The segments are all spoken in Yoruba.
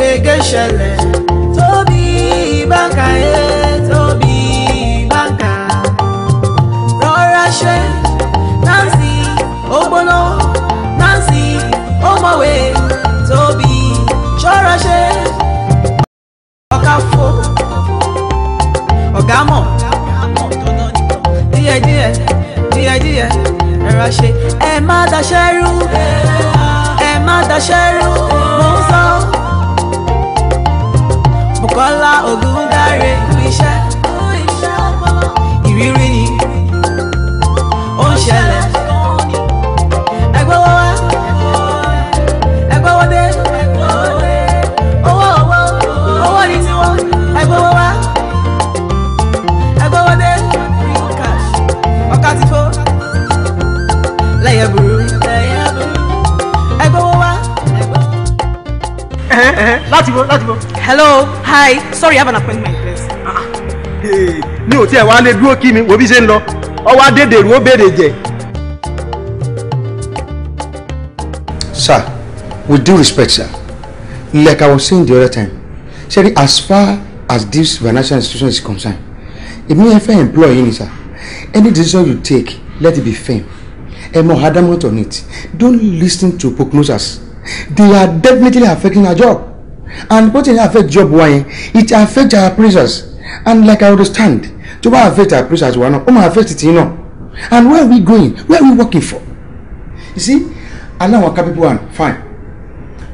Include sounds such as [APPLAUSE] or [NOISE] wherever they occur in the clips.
gbẹgẹ ṣẹlẹ̀ tóbi báńkà yẹ tóbi báńkà rọra ṣe Nancy ó Nancy ó mọ̀wé tóbi ṣọ́ra ṣe ọ̀gá fo ọ̀gá mọ̀ díẹ̀díẹ̀ díẹ̀díẹ̀ ẹ̀rọ ṣe ẹ má daṣẹ́ rú ẹ má daṣẹ́ rú. Bọ́lá Ògúndáre. láti wo láti wo. hello hi sorry i have an appointment please. Ah, ah. mi ò tiẹ̀ wá lè dúró kí mi wo bí ṣe ń lọ ọwọ́ adédèrú ó béèrè jẹ. sir with due respect sir like i was saying the other time sir as far as this financial institution is concerned èmi ẹ fair employ yín ni sir any decision you take let it be firm ẹ mọ adamant on it don't listen to prognosers they are definitely affecting our job and bó ti ní affect job wa it affect our appraisers and like I understand to what affect our appraisers wa náà ó um, máa affect you know? and where are we going where are we working for you see aláwọn capable one fine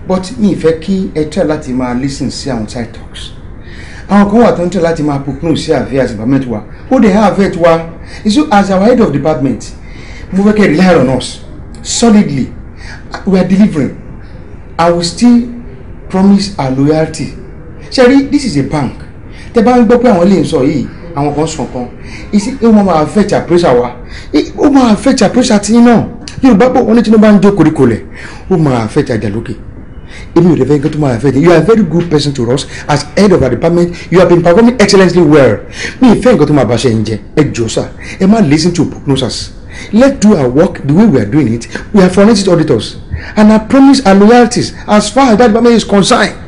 but me, mi fẹ́ kí ẹ try láti máa listen see àwọn side talks àwọn kan wà tó ń tẹ̀ láti máa propose sí àfẹ́ àti department wa ó dẹ̀ àfẹ́ wa so as our head of department mo fẹ́ kẹ́ rely on us solidly we are delivering I will still promise and loyalty ṣe rí this is a bank tẹ bá ń gbọ́ pé àwọn lè ń sọ yìí àwọn kan sàn kan ìsì ó máa affect pressure? wa ó máa affect àpèsà tí náà yorùbá bò wọn ní tinubu bá ń jó koríko lẹ̀ ó máa affect àjàlókè èmi ò lè fẹ́ nǹkan tó máa affect you are a very good person to us as head of our department you have been performing excellently well mi ìfẹ́ nǹkan tó máa bá ṣe ń jẹ ẹ jọ sá ẹ má listen to prognosers let's do our work the way we are doing it we are forensic auditors and I promise and loyalties as far as that department is concerned.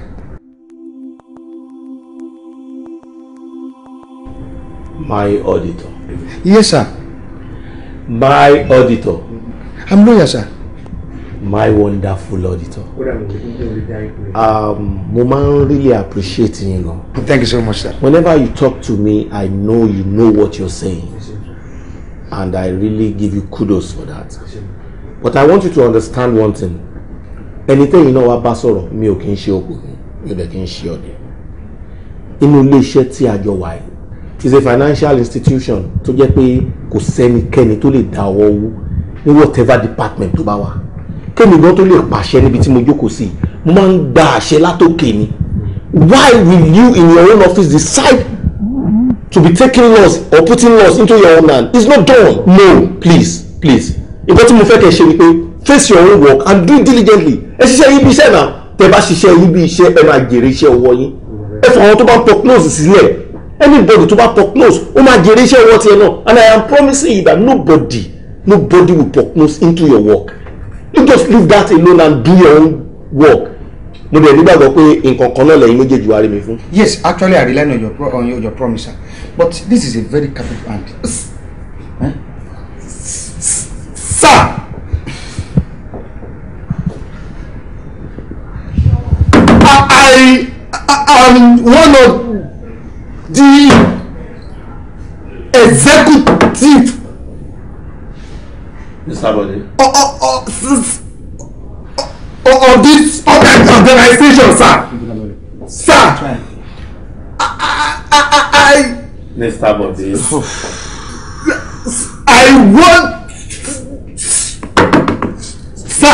My auditor. Yes, sir. My auditor. I'm lawyer, sir. My wonderful auditor. Um, mo really appreciate you, gan. Thank you so much, sir. Whenever you talk to me, I know you know what you're saying. And I really give you kudos for that. Yes, but I want you to understand one thing anything tẹ́yìn náà wá bá sọ̀rọ̀ mi ò kì í ṣe mi ò dẹ̀ kì í ṣe ọ̀dẹ̀ inú ilé iṣẹ́ tí a jọ is a financial institution tó jẹ́ pé kò sẹ́nikẹ́ni tó lè da ọwọ́ owó ní whatever department to bá wà kémi gan to lè pàṣẹ níbi tí mo jókòó sí mo máa ń gba àṣẹ látòkè ni why will you in your own office decide to be taking laws or putting laws into your own hand it's not done no please please nǹkan tí mo fẹ́ kẹ́ ṣe ni pé face your own work and do it diligently ẹ ṣiṣẹ́ yín bí iṣẹ́ náà tẹ́ bá ṣiṣẹ́ yín bí iṣẹ́ ẹ máa jèrè iṣẹ́ ọwọ́ yín ẹ fọ àwọn tó bá pọ̀ close sílẹ̀ anybody tó bá pọ̀ close ó máa jèrè iṣẹ́ ọwọ́ tiẹ̀ náà and I am promising you that nobody nobody will pọ̀ close into your work you just leave that alone and do your own work mo dẹ̀ nígbàgbọ́ pé nǹkan kan náà lẹ́yìn méjèèjì wá rí mi fún. yes actually I rely on your, on your, your promise but this is a very capital and. Eh? I'm one of the executive Mr. Bode. Or, or, or, or, or this organization, sir. Sir. I, I, I, Mr. Bode. I want. Sir.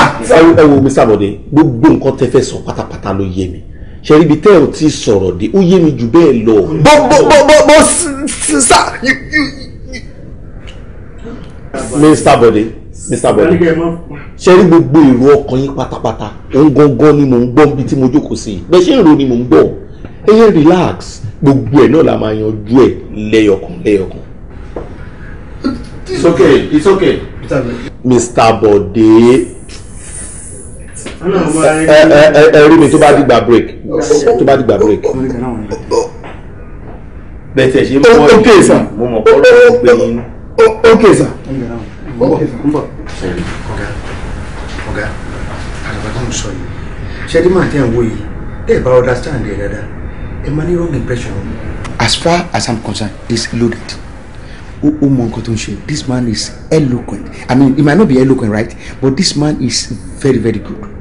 Ẹ wo Mr. Bode, gbogbo nǹkan tẹ fẹ́ sọ pátápátá ló yé mi ṣẹ́ríbi tẹ́ ò ti sọ̀rọ̀ dé ó yé mi jù bẹ́ẹ̀ lọ. bó bó bó bó bó sá. Mr. Bode Mr. Bode ṣẹ́rí gbogbo èrò ọkàn yín pátápátá òun gangan ni mò ń gbọ́ níbi tí mo jókòó sí bẹ́ẹ̀ ṣe ń rò ni mò ń gbọ́ ẹ yẹn relax gbogbo ẹ̀ náà la máa yanjú ẹ̀ lẹ́yọ̀kan lẹ́yọ̀kan. It's okay. It's okay. Mr. Bode ẹ rí mi tó bá dìgbà break tó bá dìgbà break. bẹ́tẹ̀ ṣe mọ́ ní mo mọ̀ kọ́ lọ́wọ́ pé yín. ok sir. ọ̀gá ọ̀gá àgbà tó ń sọ yìí ṣẹ́dí máa tẹ̀ ń wo yìí tẹ́ ẹ bá understand ẹ̀ dáadáa ẹ máa ní wrong impression. as far as i'm concerned it's loaded ó ó mọ nǹkan tó ń ṣe this man is eloquent i mean he might not be eloquent right but this man is very very good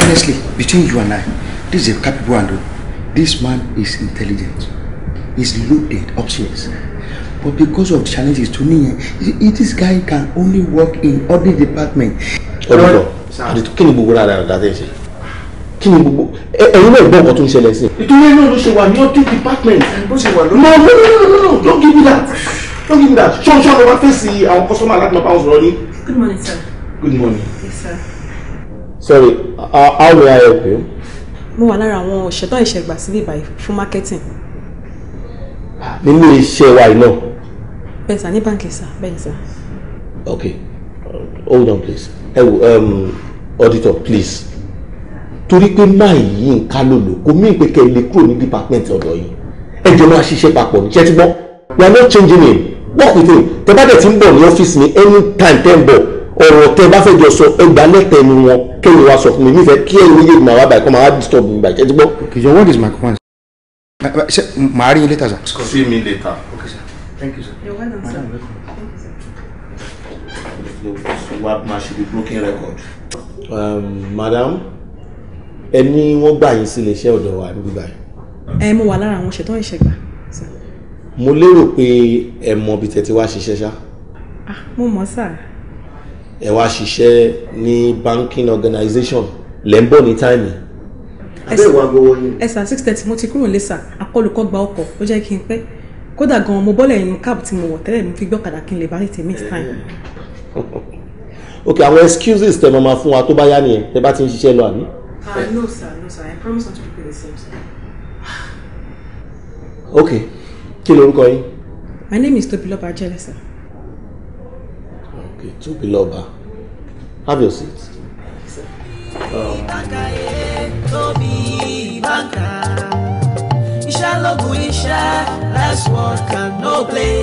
Honestly, between you and I, this is a capable and oh. this man is intelligent. He's loaded upstairs. But because of challenges to me, this guy can only work in audit department. Ọ̀dọ̀ àdìtú kí ni gbogbo rárá rẹ̀ dáadé ṣe? Kí ni gbogbo ẹ̀yin náà gbọ́ nǹkan tó ń ṣẹlẹ̀ sí? Ìtúwé náà ló ṣe wà ní audit department. Ló ṣe wà lórí. No no no no no don't give me that don't give me that. Ṣọ́nṣọ́n ló wá fèsì àwọn kọ́sọ́mà láti máa bá wọn sọ̀rọ̀ ní. Good morning sir. Good morning. Yes sir sorry uh, how may I help you. mo wà lára àwọn òṣètò ìṣẹ̀gbà sílé ìbàyí fún marketing. Ah, nínú iṣẹ́ wa iná. bẹ́ẹ̀ sà ní báńkì sà bẹ́ẹ̀ sà. okay hold on please ẹ hey, wo um, auditor please torí pé máa yí nǹkan lòlò kò mí pé kẹ́ ẹ lè kúrò ní department ọ̀dọ̀ yìí ẹ jọ máa ṣiṣẹ́ papọ̀ níṣẹ́ tí gbọ́ we are not changing name work with him tẹ́ bá dẹ̀ ti ń bọ̀ ní ọ́fíìsì mi anytime tẹ́ bọ̀ ọ̀rọ̀ tẹ́ bá fẹ́ jọ sọ ẹgbàá lẹ́tẹ̀ ni wọn kẹ́yìn wa sọ fún mi nífẹ̀ẹ́ kí ẹ̀yin méjèèjì máa wá báyìí kọ́ máa wá disturb mi báyìí ẹ ti gbọ́. okay your word is my command. ṣe màá rí yín later sir. see me later. okay sir thank you sir. you're welcome sir. thank you sir. what man should be broken record. Um, madam ẹni wọ́n gbà yín sí iléeṣẹ́ ọ̀dọ̀ wa níbí báyìí. ẹ mo wà lára àwọn ṣètò ìṣègbà. mo lérò pé ẹ mọ ibi tẹ́ ti wá ṣiṣẹ́ ṣá. ah mo mọ̀ sáà ẹ wá ṣiṣẹ́ ní banking organization lẹ́ ń bọ̀ ní táìmì abẹ́ ìwà gbowó six thirty mo ti kúrò lé sà akọlùkọ gba ọkọ̀ ó jẹ́ kí n pẹ́ kódà gan-an mo bọ́lẹ̀ inú cab tí mo wọ̀ tẹ́lẹ̀ mo fi gbọ́kadà kí n lè bá lè tèmi time. [LAUGHS] ok àwọn excuses tẹ́ mọ máa fún wa tó bá yá nìyẹn tẹ́ bá ti ń ṣiṣẹ́ lọ àbí. ah no sir no sir i promise not to repeat the same thing. ok kí lorúkọ yín. my name is Tobiloba Ajele sir. Okay, Tóbi lọ́ba. Have your seat. [LAUGHS] Oh. Tóbi Ìbákà. Iṣẹ́ lógun iṣẹ́, less Oh, and no play.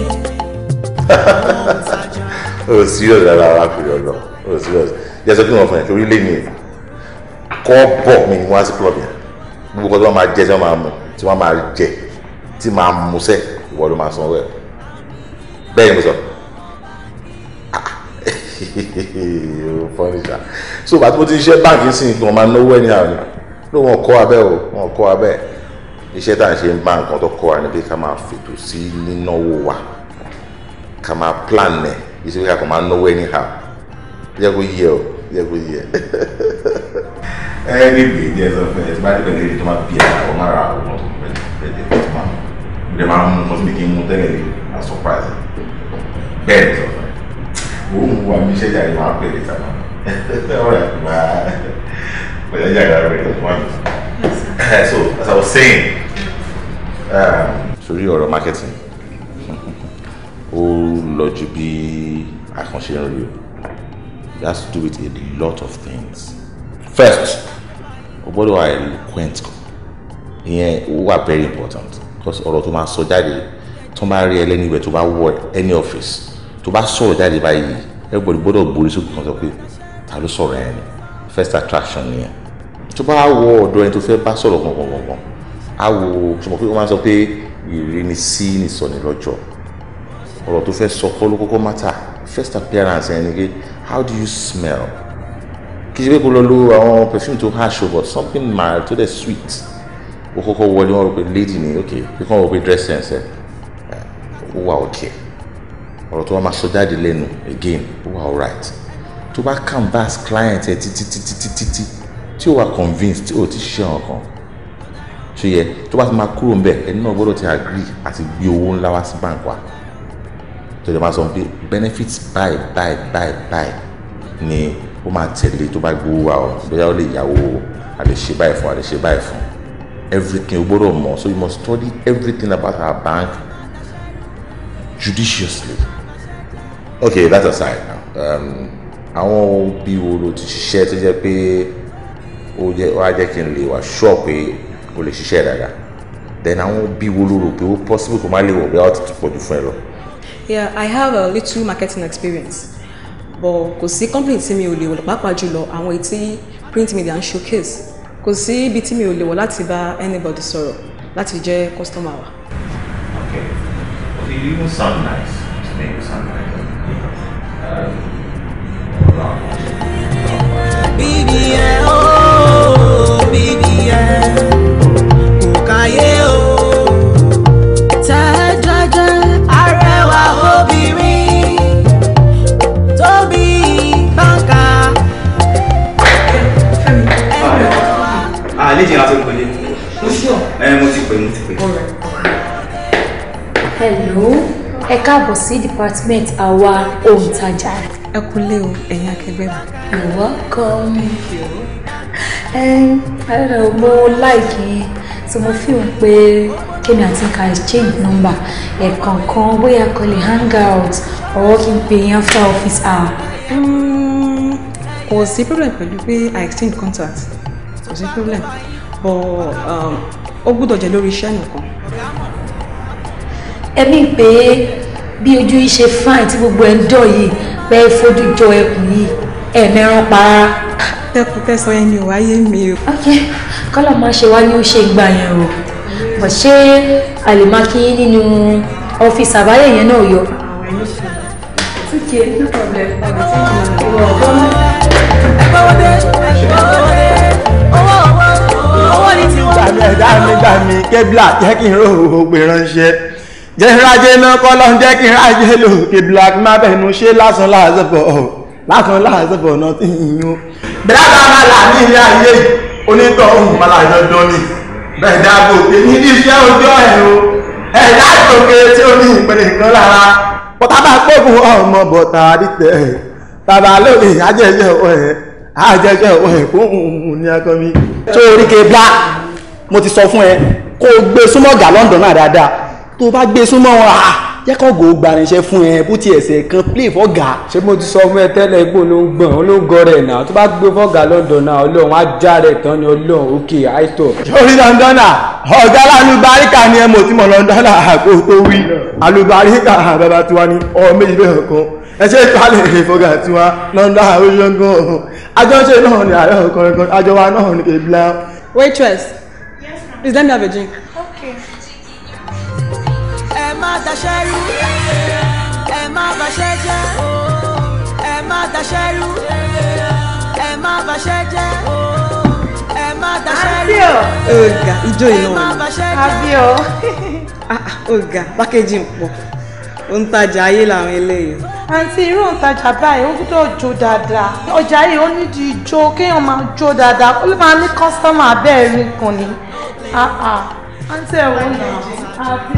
O serious rárá rárá kiri ọ̀dọ̀. O serious. Jẹ́ sọ kí wọ́n fún ẹ̀ torí lé ní ẹ̀. Kọ́ bọ̀ mi ni wọ́n á sí club yẹn. Gbogbo kan tí wọ́n máa jẹ tí wọ́n máa mú tí wọ́n máa jẹ tí máa mú [LAUGHS] Funny fọ́nìṣà so bàtí mo ti ṣiṣẹ́ báǹkì sí ni wọ́n máa náwó ẹni àná ló wọn kọ́ abẹ́ o wọn kọ́ abẹ́ iṣẹ́ tá à ń ṣe ń bá nǹkan tó kọ́ wa ni pé ká máa fètò sí nínáwó wa ká máa plan ẹ̀ yìí sí pé ká kàn máa náwó ẹni hà yẹ kó yẹ o yẹ kó yẹ. ẹ ẹ ní ìgbè díẹ̀ sọ fún ẹ tí bá dé pẹ̀lú èdè tó máa bí ẹ àwọn máa ra àwọn tó fẹ́ pẹ̀lú èdè tó máa mú ẹ máa mú ọtí mi kí n mú tẹ́lẹ̀ ní a surprise bẹ́ẹ̀ sọ fún ẹ òun wà bí iṣẹ́ jàre máa pè lè tàbá ọ̀rẹ́ máa pẹ̀lú jàre rẹ̀ wọ́n mi. so as i was saying. Um, sórí ọ̀rọ̀ marketing ó lọ ju bí àkànṣe ń rí o it has to do with a lot of things first what do I eloquent Yeah, ó wà very important because ọ̀rọ̀ tó máa sọ jáde tó máa anywhere to my ibẹ̀ any office tó bá sọ̀rọ̀ jáde báyìí everybody gbọ́dọ̀ borí sókè kan sọ pé ta ló sọ̀rọ̀ yẹn ni first attraction nìyẹn tó bá wọ ọ̀dọ̀ ẹni tó fẹ́ bá sọ̀rọ̀ gbọ̀ngbọ̀ngbọ̀n á wo ṣùgbọ́n pé ó máa ń sọ pé ìrínisí nìsọ̀ni lọ́jọ́ ọ̀rọ̀ tó fẹ́ sọ kọ́ ló kọ́kọ́ matter first appearance ẹni pé how do you smell kì í ṣe pé kó lọ lo àwọn perfume tó hash o but something mild to the sweet ó kọ́kọ́ wọlé wọn rò pé lady ni ok pé kí wọ́n rò pé dress sense ẹ̀ ó wà okay ọ̀rọ̀ tó wá máa sọ jáde lẹ́nu again ó wà alright tó bá canvas client ẹ títí títí títí tí tí ó wà convinced tí ó ti ṣiṣẹ́ wọn kan ṣe yẹ tó bá ti máa kúrò ńbẹ̀ ẹni náà gbọ́dọ̀ ti agree àti gbé owó ńlá wá sí bank wa tó lè máa sọ pé benefits buy buy buy buy. ni ó máa tẹ̀lé tó bá gbowó wa o bóyá ó lè yàwó o a lè ṣe báyìí fún a lè ṣe báyìí fún everything o gbọ́dọ̀ mọ̀ so you must study everything about our bank judiciously okay that aside now um, àwọn òbí wo ló ti ṣiṣẹ́ tó jẹ́ pé ó jẹ́ wá jẹ́ kí n lè wá sure pé o lè ṣiṣẹ́ dáadáa then àwọn òbí wo ló rò pé ó possible kó má lè wọ̀ bí a ti pọ̀ jù fún ẹ lọ. yeah i have a little marketing experience but kò sí company tí mi ò lè wọ̀ pàápàá jùlọ àwọn ètí print media ń showcase kò sí ibi tí mi ò lè wọ̀ láti bá anybody sọ̀rọ̀ láti jẹ́ customer wa. okay okay you even sound nice to me you sound nice. BBL, oh, BBL, kò káyé o. Tẹ́jẹ́jẹ́ arẹwà obìnrin tó bí báńkà. Àlejò ah, eh, Hello ẹ káàbọ̀ sí department àwa òǹtajà. ẹ kúlé o ẹ̀yin akẹgbẹ́ mi. you're welcome. ẹ ẹ mo láìkí tí mo fi hàn pé kémi àti nǹkan exchange number ẹ̀ẹ̀kọ̀ọ̀kan bóyá kò lè hang out ọ̀wọ́ kí n pè yín after office hour. Hmm, kò sí problem pẹ̀lú pé i exchange contact kò sí problem but um, ó gbọ́dọ̀ jẹ́ lórí iṣẹ́ nìkan. ẹ̀mí pé bí ojú yìí ṣe fáìn tí gbogbo ẹ̀ ń dọ̀ yìí pé fojú jọ ẹkùn yìí ẹ̀ẹ̀mẹ́rán pa á. tẹ́kùn tẹ́sán ẹni ò wáyé mi o. ok máa ṣe wá ní ó ṣe gbà yẹn o mọ̀ ṣé a nínú ọ́fíìsì àbáyé yẹn náà yọ. ẹ̀dá mi gbàmí kébìlà jẹ́ kí n rò ó pé ránṣẹ́ jẹ́ rájẹ́ náà kọ́ lọ́n jẹ́ kí rájẹ́ lò kí black má bẹ̀nu ṣe lásán láàzọ́bọ̀ lásán láàzọ́bọ̀ náà ti yún. bẹ́ẹ̀ bá là ní ilé ayé onítọ̀ ohun bá láàjọ dán ni bẹ́ẹ̀ dáàbò pé ní iṣẹ́ ojú ẹ̀rọ ẹ̀dá ìtòkè tí ó ní ìpele kan lára bọ́tà bá gbógun ọmọ bọ̀tà àdìtẹ̀ tàbá lórí àjẹjẹ ọ̀ẹ́ tó bá gbé súnmọ́ wọn jẹ́ kó gò gbàrìnṣẹ́ fún ẹ bó ti ẹ̀sẹ̀ kan play fọ́gà. ṣé mo ti sọ fún ẹ tẹ́lẹ̀ gbọ́n ló gbọ̀n ó ló ń gọrẹ̀ náà tó bá gbé fọ́gà lọ́dọ̀ náà ọlọ́run á já rẹ̀ tán ni ọlọ́run òkè àìtọ́. sórí dandana ọ̀gá alálùbáríkà ni ẹ mọ̀ tí mo lọ dandana àgbo tó wí alùbáríkà bàbá tiwa ni ọmọ méjì bẹ́ẹ̀ kan ẹṣẹ́ ìpalẹ̀ ìfọ̀gà [LAUGHS] tiwa lọ́ndà àwòṣọ́gbọ̀n àjọṣe náà ni àárẹ̀ ọ̀kọ̀ọ̀kan àjọwa náà ni waitress yes, please let me have a drink. okay má daṣẹ́ rú ẹ má baṣẹ́ jẹ́ ẹ má daṣẹ́ rú ẹ má baṣẹ́ jẹ́ ẹ má daṣẹ́ rú ọ̀gá ijó iná ni abíọ́ ọ̀gá ah, ah, pákéjì ń pọ̀ òǹtajà ayé làwọn eléyìí. àǹtí irú òǹtajà báyìí ó gbọ́dọ̀ jó dáadáa ọjà yìí ó nídìí ijó kéèyàn máa jó dáadáa ó lè máa ní kọ́sítọ́mà abẹ́ẹ̀rí kan ni ah, àǹtí ẹ̀wọ̀n náà àbí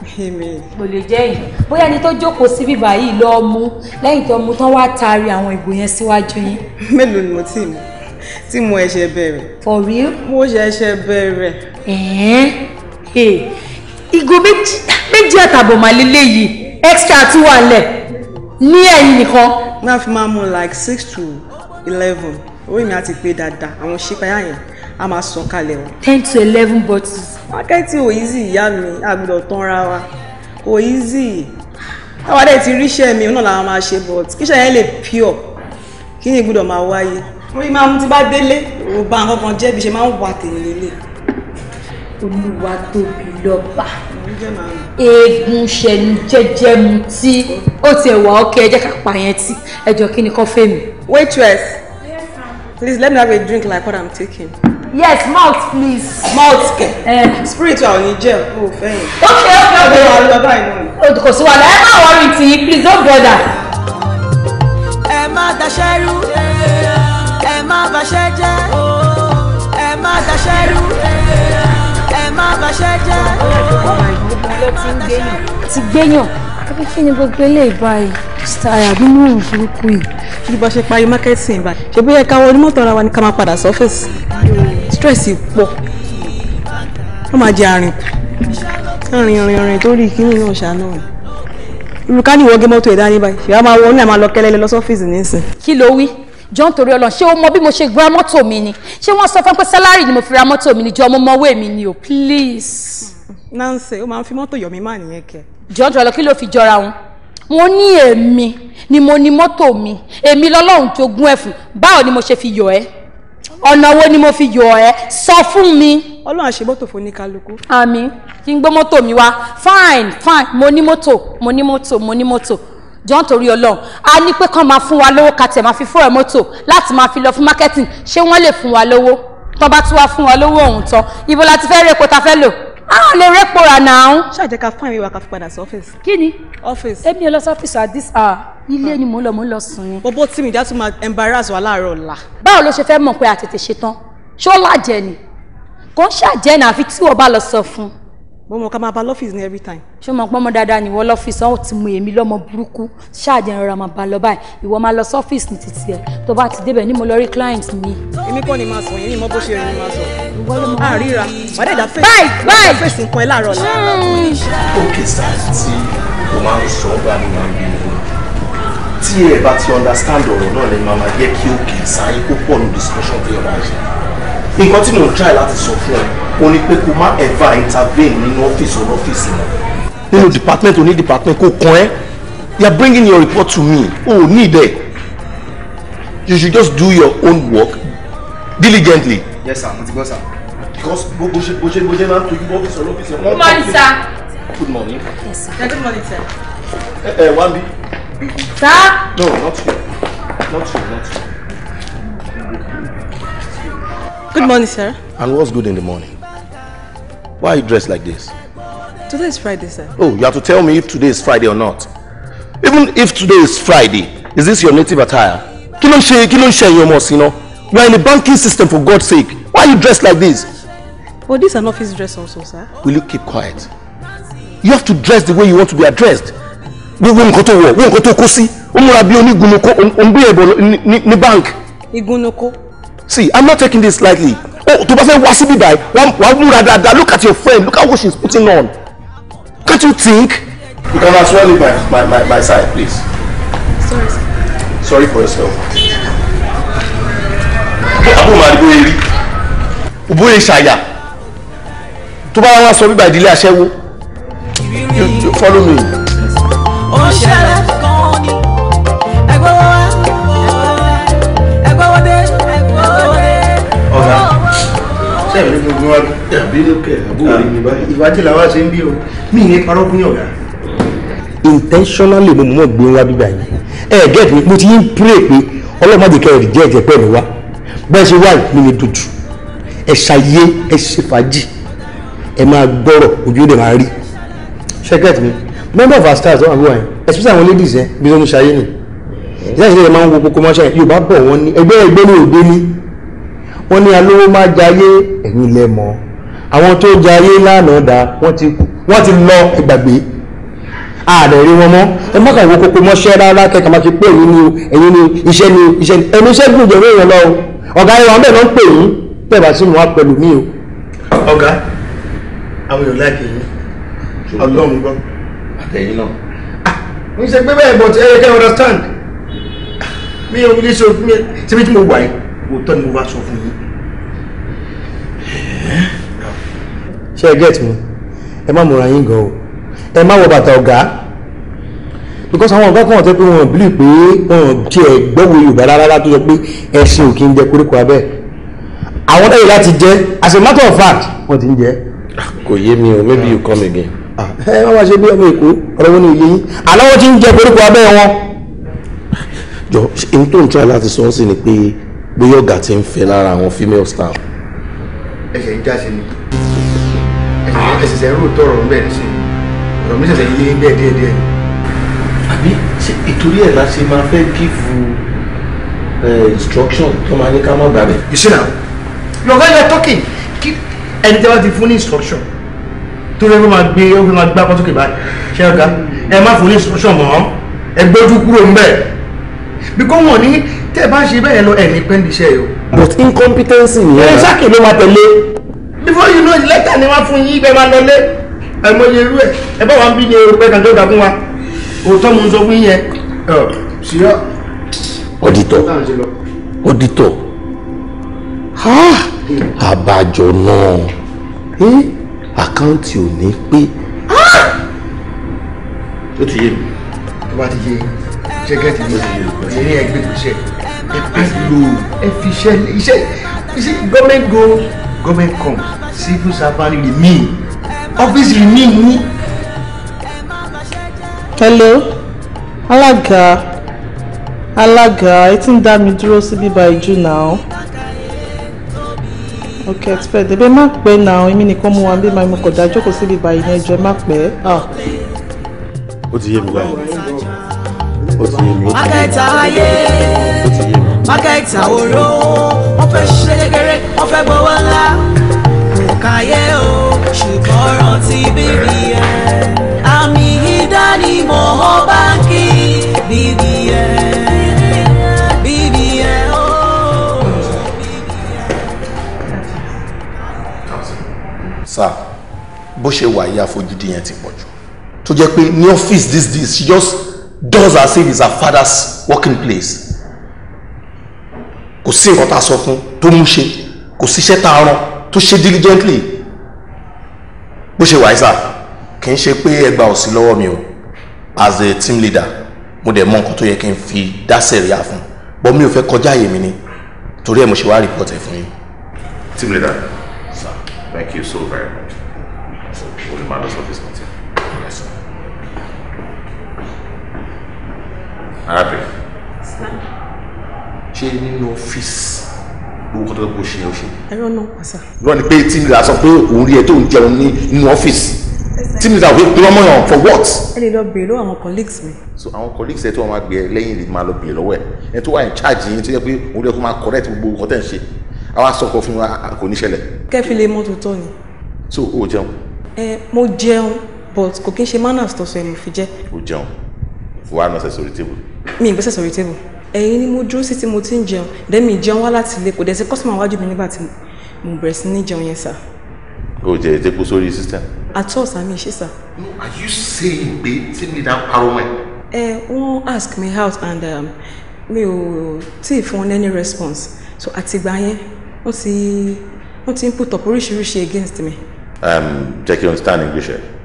kò lè jẹ́ yìí bóyá ẹni tó jókòó sí bíbá yìí lọ́ọ́ mú lẹ́yìn tó mú tán wá taari àwọn ìbò yẹn síwájú yín. mélòó ni mo ti mú tí mo ẹ̀ṣẹ̀ bẹ̀rẹ̀. for real. mo ṣẹ̀ṣẹ̀ bẹ̀rẹ̀. ẹ̀ẹ́n ìgò méjì àtàbọ̀ mà lélẹ̀ yìí extra tí wà lẹ̀ ní ẹ̀yìn nìkan. náà fi máa mú like six to eleven orí mi á ti pé dáadáa àwọn ṣípayá yẹn a máa sọ kalẹ̀ o. ten to eleven bottles mákẹ́tì ò easy ìyá mi àgbọ̀dọ̀ tanra wa kò easy táwa dẹ̀ ti ríṣẹ́ mi náà làwọn máa ṣe but kíṣẹ́ yẹn lè pure kí ni gbọ́dọ̀ máa wáyé orí máa mú ti bá délé ò bá nǹkan kan jẹ́ bí ṣe máa ń wà tèmi lélẹ̀. olúwa tóbi lọ́ba eegun ṣẹnu jẹjẹ mu tí ó ti ẹwà ọkẹ ẹ jẹ́ ká pa yẹn tí ẹjọ kí ni kọfẹ mi. waitress please let me have a drink like what i'm taking yes malt please. malt kẹ eh. spirit wa ò ní jẹ o fẹyìn. ó ṣe é ó ṣe é ó ṣe é kò sí wàhálà ẹ má wọrí tì í please don't bother. ẹ má daṣẹ́ rú ẹ má baṣẹ́ jẹ́ ẹ má daṣẹ́ rú ẹ má baṣẹ́ jẹ́ ẹ má daṣẹ́ rú. ti gbẹ́yàn àbí kí ni gbogbo eléyìí báyìí ṣàyà bí mú òun burúkú yìí. bí bá ṣe parí mákẹ́tì ìbá ṣe bí ẹ̀ka wọlé mọ́tò ara wa ni ká máa padà sọ́fẹ̀sì stress pọ̀ wọ́n máa jẹ àrìn rìn rìn rìn torí kíní náà ṣàánú rẹ̀ olùkà ní ìwọ́gé mọ́tò ẹ̀dá ní báyìí ṣèwà máa wọ ọ́nà máa lọ kẹ́lẹ́lẹ́ lọ sọ́fíìsì nísìn. kí ló wí jọ nítorí Ọlọ́run ṣé o mọ bí mo ṣe gba mọ́tò mi ni ṣé wọ́n sọ fún pé sálárì ni mo fi ra mọ́tò mi ni jọ mo mọ owó èmi ni o please. Nancy ó máa ń fi mọ́tò yọ̀mí máa nìyẹn kẹ. jọjọ lọ kí ló fi jọra wọn wọn ní èmi ni mo ní mọ́tò mi èmi lọ́lọ́run jogún ẹ̀ fún báwo ni mo ṣe fi yọ ẹ́ ọ̀nà wo ni mo fi yọ ẹ́ sọ fún mi. ọlọ́run àṣẹ mọ́tò fún ní kálukú. àmì kí n gbé mọ́tò mi wá fine fine mo ní mọ́tò mo ní mọ́tò mo ní mọ́tò jọ́n torí ọlọ́run a ní pé kán máa fún wa lówó ká tẹ̀ máa fi fọ́ ẹ̀ mọ́tò láti máa fi lọ fún marketing ṣé wọ́n lè fún wa lówó tán bá tún wá fún wa lówó ọ̀hún tán ibo la ti fẹ́ rèpo ta fẹ́ lò a ah, lè rẹ́pọ̀ rà náà. ṣáà jẹ́ ká fún ìwé wa ká fi padà sí ọ́fíìsì. kí ni ọ́fíìsì. èmi ò lọ sí ọ́fíìsì at this hour ilé ni mò ń lọ mò ń lọ sùn ni. bọ́bọ́ tí mi dá tún máa embarrass wa láàárọ̀ ọ̀la. báwo ló ṣe fẹ́ mọ̀ pé a tètè ṣetán ṣó lájẹ ni kò ń ṣàjẹ́ náà àfi tí wọ́n bá lọ sọ fún un mo mọ ká máa ba lọ́fíìsì ní every time. ṣé mo pọ́n mọ́ dáadáa ní ìwọ lọ́fíìsì ọ̀hún ti mú èmi lọ́mọ burúkú ṣáàjẹ́ ìrora máa ba lọ báyìí ìwọ máa lọ sọ́fíìsì ní títí ẹ̀ tó bá ti débẹ̀ ní mo lọ rí client mi. èmi kọ́ ni màá sọ yẹn ìmọ̀ bó ṣe rí ni màá sọ. ìwọ ló máa ríra wàdà ìdá fèsì ìdá fèsì nǹkan ẹ láàárọ̀ la. òkè sáàtì o máa ń sọ ọgbà mi máa ń bí mi tí ẹ bá ti understand ọ̀rọ̀ náà ni màmá yẹ kí òkè sáyé kó pọ̀ ní discussion tó yẹ báyìí nǹkan tí mò ń try láti sọ fún ẹ o ní pé kó má ever intervene nínú ọ́fíìsì ọ̀rọ̀ ọ́fíìsì wọn nínú department oní department kò kàn ẹ́ you are bringing your report to me o oh, need it you should just do your own work diligently. yes sir mo ti gbọ́ sir. because bó bó ṣe bó ṣe bó ṣe máa ń tojú ọ́fíìsì ọ́fíìsì good morning sir. good morning. yes sir. good morning sir. ẹ ẹ wá bí. sir. no not you not you not you. Good morning, sir. And what's good in the morning? Why are you dressed like this? Today is Friday, sir. Oh, you have to tell me if today is Friday or not. Even if today is Friday, is this your native attire? Kí ló you must. You know, You are in the banking system for God's sake. Why are you dressed like this? But this is an office dress also, sir. Will you keep quiet? You have to dress the way you want to be addressed. We nǹkan tó wọ̀, gbogbo nǹkan tó kó sí. Ó múra bí onígunukó, ó ń gbé bank. Igunoko. See, I'm not taking this lightly. Oh, tó bá fẹ́ wá síbí báyìí wàá múra dáadáa look at your friend look at what she's putting on can't you think. you can as well leave my, my, my, my side please. sorry sorry for yourself. àbúrò màá dìbò eré òbó yẹn ṣàyà tó bá wá sọ bíbá ìdílé aṣẹ́wó follow me. ó ṣẹlẹ̀ kan ni. sẹ́ẹ̀rí o mí ní parọ́ fún yọ̀gá. intentionally mo mọ̀ gbé wa bíbá yìí ẹ gẹ́t mi mo ti ń pray pé ọlọ́mọ àjẹkẹ rẹ̀ jẹ́ ẹ̀jẹ̀ pẹ̀lú wa bẹ́ẹ̀ ṣe wáyé mi ni dùdù ẹ ṣàyé ẹ ṣe fàájì ẹ máa gbọ́rọ̀ ojú ìdè máa rí ṣẹ́gẹ́t mi member of our stars wà wíwáyé especially àwọn ladies ẹ bí wọ́n ń ṣayé nì ìyá ìṣẹ̀lẹ̀ máa ń wo kókó mọ́ṣáyé Yorùbá bọ̀ wọ́n ní ẹgbẹ́ ẹgbẹ́ ní òde ní wọ́n ní alówó má jayé ẹ̀yin lẹ́mọ àwọn tó jayé lánàá dá wọ́n ti lọ ẹgbàgbé ààrẹ rí wọn mọ́ ẹ má kà wọ́n kókó mọ́ṣẹ́ rárá kẹ́kà má fi pé èyí ni ẹ̀yin ni iṣẹ́ ni iṣẹ́ ni ẹnu iṣẹ́ gbùdọ̀ wé èèyàn lọ ọ̀gá ẹ̀rọ bẹ́ẹ̀ ló ń pè yín bẹ́ẹ̀ bá sí mu wá pẹ̀lú mi o. ọ̀gá àwọn èèyàn láìpẹ́ yín ọlọ́run gbọ́. àtẹ̀yìn náà. mo ah, ń ṣe pé bẹ́ẹ̀ but ẹ yẹ understand mi ò ní sọ fún mi síbi tí mo wà yìí òótọ́ ni mo bá sọ fún yín ṣé ẹ get mi ẹ má múra yín gan o ẹ má wọ bàtà ọ̀gá because àwọn ọ̀gá kan wọ̀ tẹ́ pé wọ́n bìlì pé wọ́n jẹ́ gbọ́wọ́ Yorùbá rárá tó sọ pé ẹ̀sìn ò kí ń jẹ koríko abẹ́ àwọn dáyé láti jẹ as a matter of fact wọ́n ti ń jẹ. kò yé mi o maybe you come again. Ah, ẹ má wá ṣe bí ọmọ èkó ọ̀rọ̀ wọn ni òye yín àláwọ̀ ti ń jẹ koríko abẹ́ wọn. jọ ohun tó ń try láti sọ ọ́ sí ni pé bóyá ọ̀gá ti ń fẹ́ lára àwọn female staff ẹsẹ̀ ń jáse ni ẹsẹ̀sẹ̀ ń ròótọ́ ọ̀rọ̀ bẹ́ẹ̀ sí ọ̀rọ̀ mi ṣẹ̀ṣẹ̀ yé bẹ́ẹ̀ díẹ̀ díẹ̀. àbí ṣe ìtorí ẹ̀ la ṣe máa fẹ́ gífù eh, instruction tó máa ní ká má gbà you see now your guy you are talking kí ẹni tí a bá ti fún ní instruction tó lè máa gbé ó fi máa gbá pọ́tùkì báyìí ṣé ọ̀gá ẹ má fún ní instruction mọ́ ẹ gbójú kúrò ń bẹ̀ bí kò wọ́n ní tẹ́ ẹ bá ṣe bẹ́ẹ̀ lọ ẹ̀ ní pẹ́ńdíṣẹ́ yìí o but incompetency nìyẹn. ẹ ṣáàkì ló máa tẹ̀lé. before you know it lẹ́tà ni wọ́n fún yín bẹ́ẹ̀ máa lọlé àìmọye irú ẹ̀ ẹ bá wa ń bí ní erùpẹ̀ kan tó dàgún wa òótọ́ mo ń sọ fún yín yẹn. ṣíyá. ọ̀dìtọ̀ ọ̀dìtọ̀ àbájọ náà àkáǹtì ò ní pé. ó ti yé mi. ó bá ti yé mi ṣé mi ò ti yé mi. èrè ẹgbẹ́ tó ṣe lò ẹ fi iṣẹ́ iṣẹ́ iṣẹ́ government go government come civil servant remain office remain ní. hello alága alága ẹ ti ń dá mi dúró síbí báyìí jù náà ok expect ebe má pẹ́ náà èmi nìkan mú wa bí màá mú kọ̀ dá síbí báyìí ní ẹjọ́ má pẹ́. Ah. ó ti yé mi báyìí ó ti yé mi ó ti yé mi mákẹ́tì àwòrò wọ́n fẹ́ ṣiṣẹ́ kékeré wọ́n fẹ́ gbowó ńlá kò káyé o ṣùgbọ́n rántí BVN àmì ìdánimọ̀ ọ́ báńkì BVN. sir bó ṣe wà yí àfojúdi yẹn ti pọ̀ jù tó jẹ́ pé ní ọ́fíìsì these days she just does as if it's her father's working place kò sí nǹkan tá a sọ fún tó mú ṣe kò síṣẹ́ tá a rán tó ṣe diligently bó ṣe wáyé sá kì í ṣe pé ẹgbà ò sí lọ́wọ́ mi o as a team leader mo dẹ̀ mọ nǹkan tó yẹ kí n fi dá sẹ̀ríà fún bọ́ mi ò fẹ́ kọjá àyè mi ni torí ẹ̀ mo ṣe wá rìpọ́tẹ̀ fún yín. team leader sir thank you so very much for the olùmọ̀lọ́sọ fíìsì kọ́tì. arábìnrin ṣé nínú ọ́fíìsì gbogbo kọ́tọ́ kó ṣe é ṣe. ẹ̀rọ náà pàṣà. lọ́wọ́ ni pé team leader sọ pé òun rí ẹ tó ń jẹun ní inú ọ́fíìsì team leader wé pé ọmọ yàn for what. ẹ lè lọ bèrè lọ́wọ́ àwọn colleagues mi. so àwọn colleagues ẹ tó wọn máa gbé lẹ́yìn lè máa lọ bèrè lọ́wọ́ ẹ ẹ tó wà ní charge yín tó yẹ pé òun yẹ kó máa correct gbogbo nǹkan tẹ̀ ń ṣe àwa sọkọ fún wa kò ní ṣẹlẹ̀. kẹ́fì lè mọ́tò tọ́ ni. so o jẹun. ẹ mo jẹun but kò kí n ṣe manners tó sọ ẹ mo fi jẹ. o jẹun wàá nọ sẹ sórí table. mi ì gbẹ́sẹ̀ sórí table ẹ̀yin ni mo dúró sí tí mo ti ń jẹun dẹ́mi jẹun wá láti ilé kò dẹ̀ sí kọ́sìmọ̀ wájú mi nígbà tí mo bẹ̀rẹ̀ sí ní jẹun yẹn sà. o jẹ ìdẹ́kun sórí system. àtọ́ ọ̀sà mi ṣe sà. no are you saying pé tí mi dá parọ́ mọ́ ẹ. ẹ wọ́n ask me out and um, mi ò tí ì fún wọn any response so àtìgbà yẹn wọ́n ti wọ́n ti ń put up oríṣiríṣi against me. Um, jẹ́ kí n understand English ẹ̀. Eh?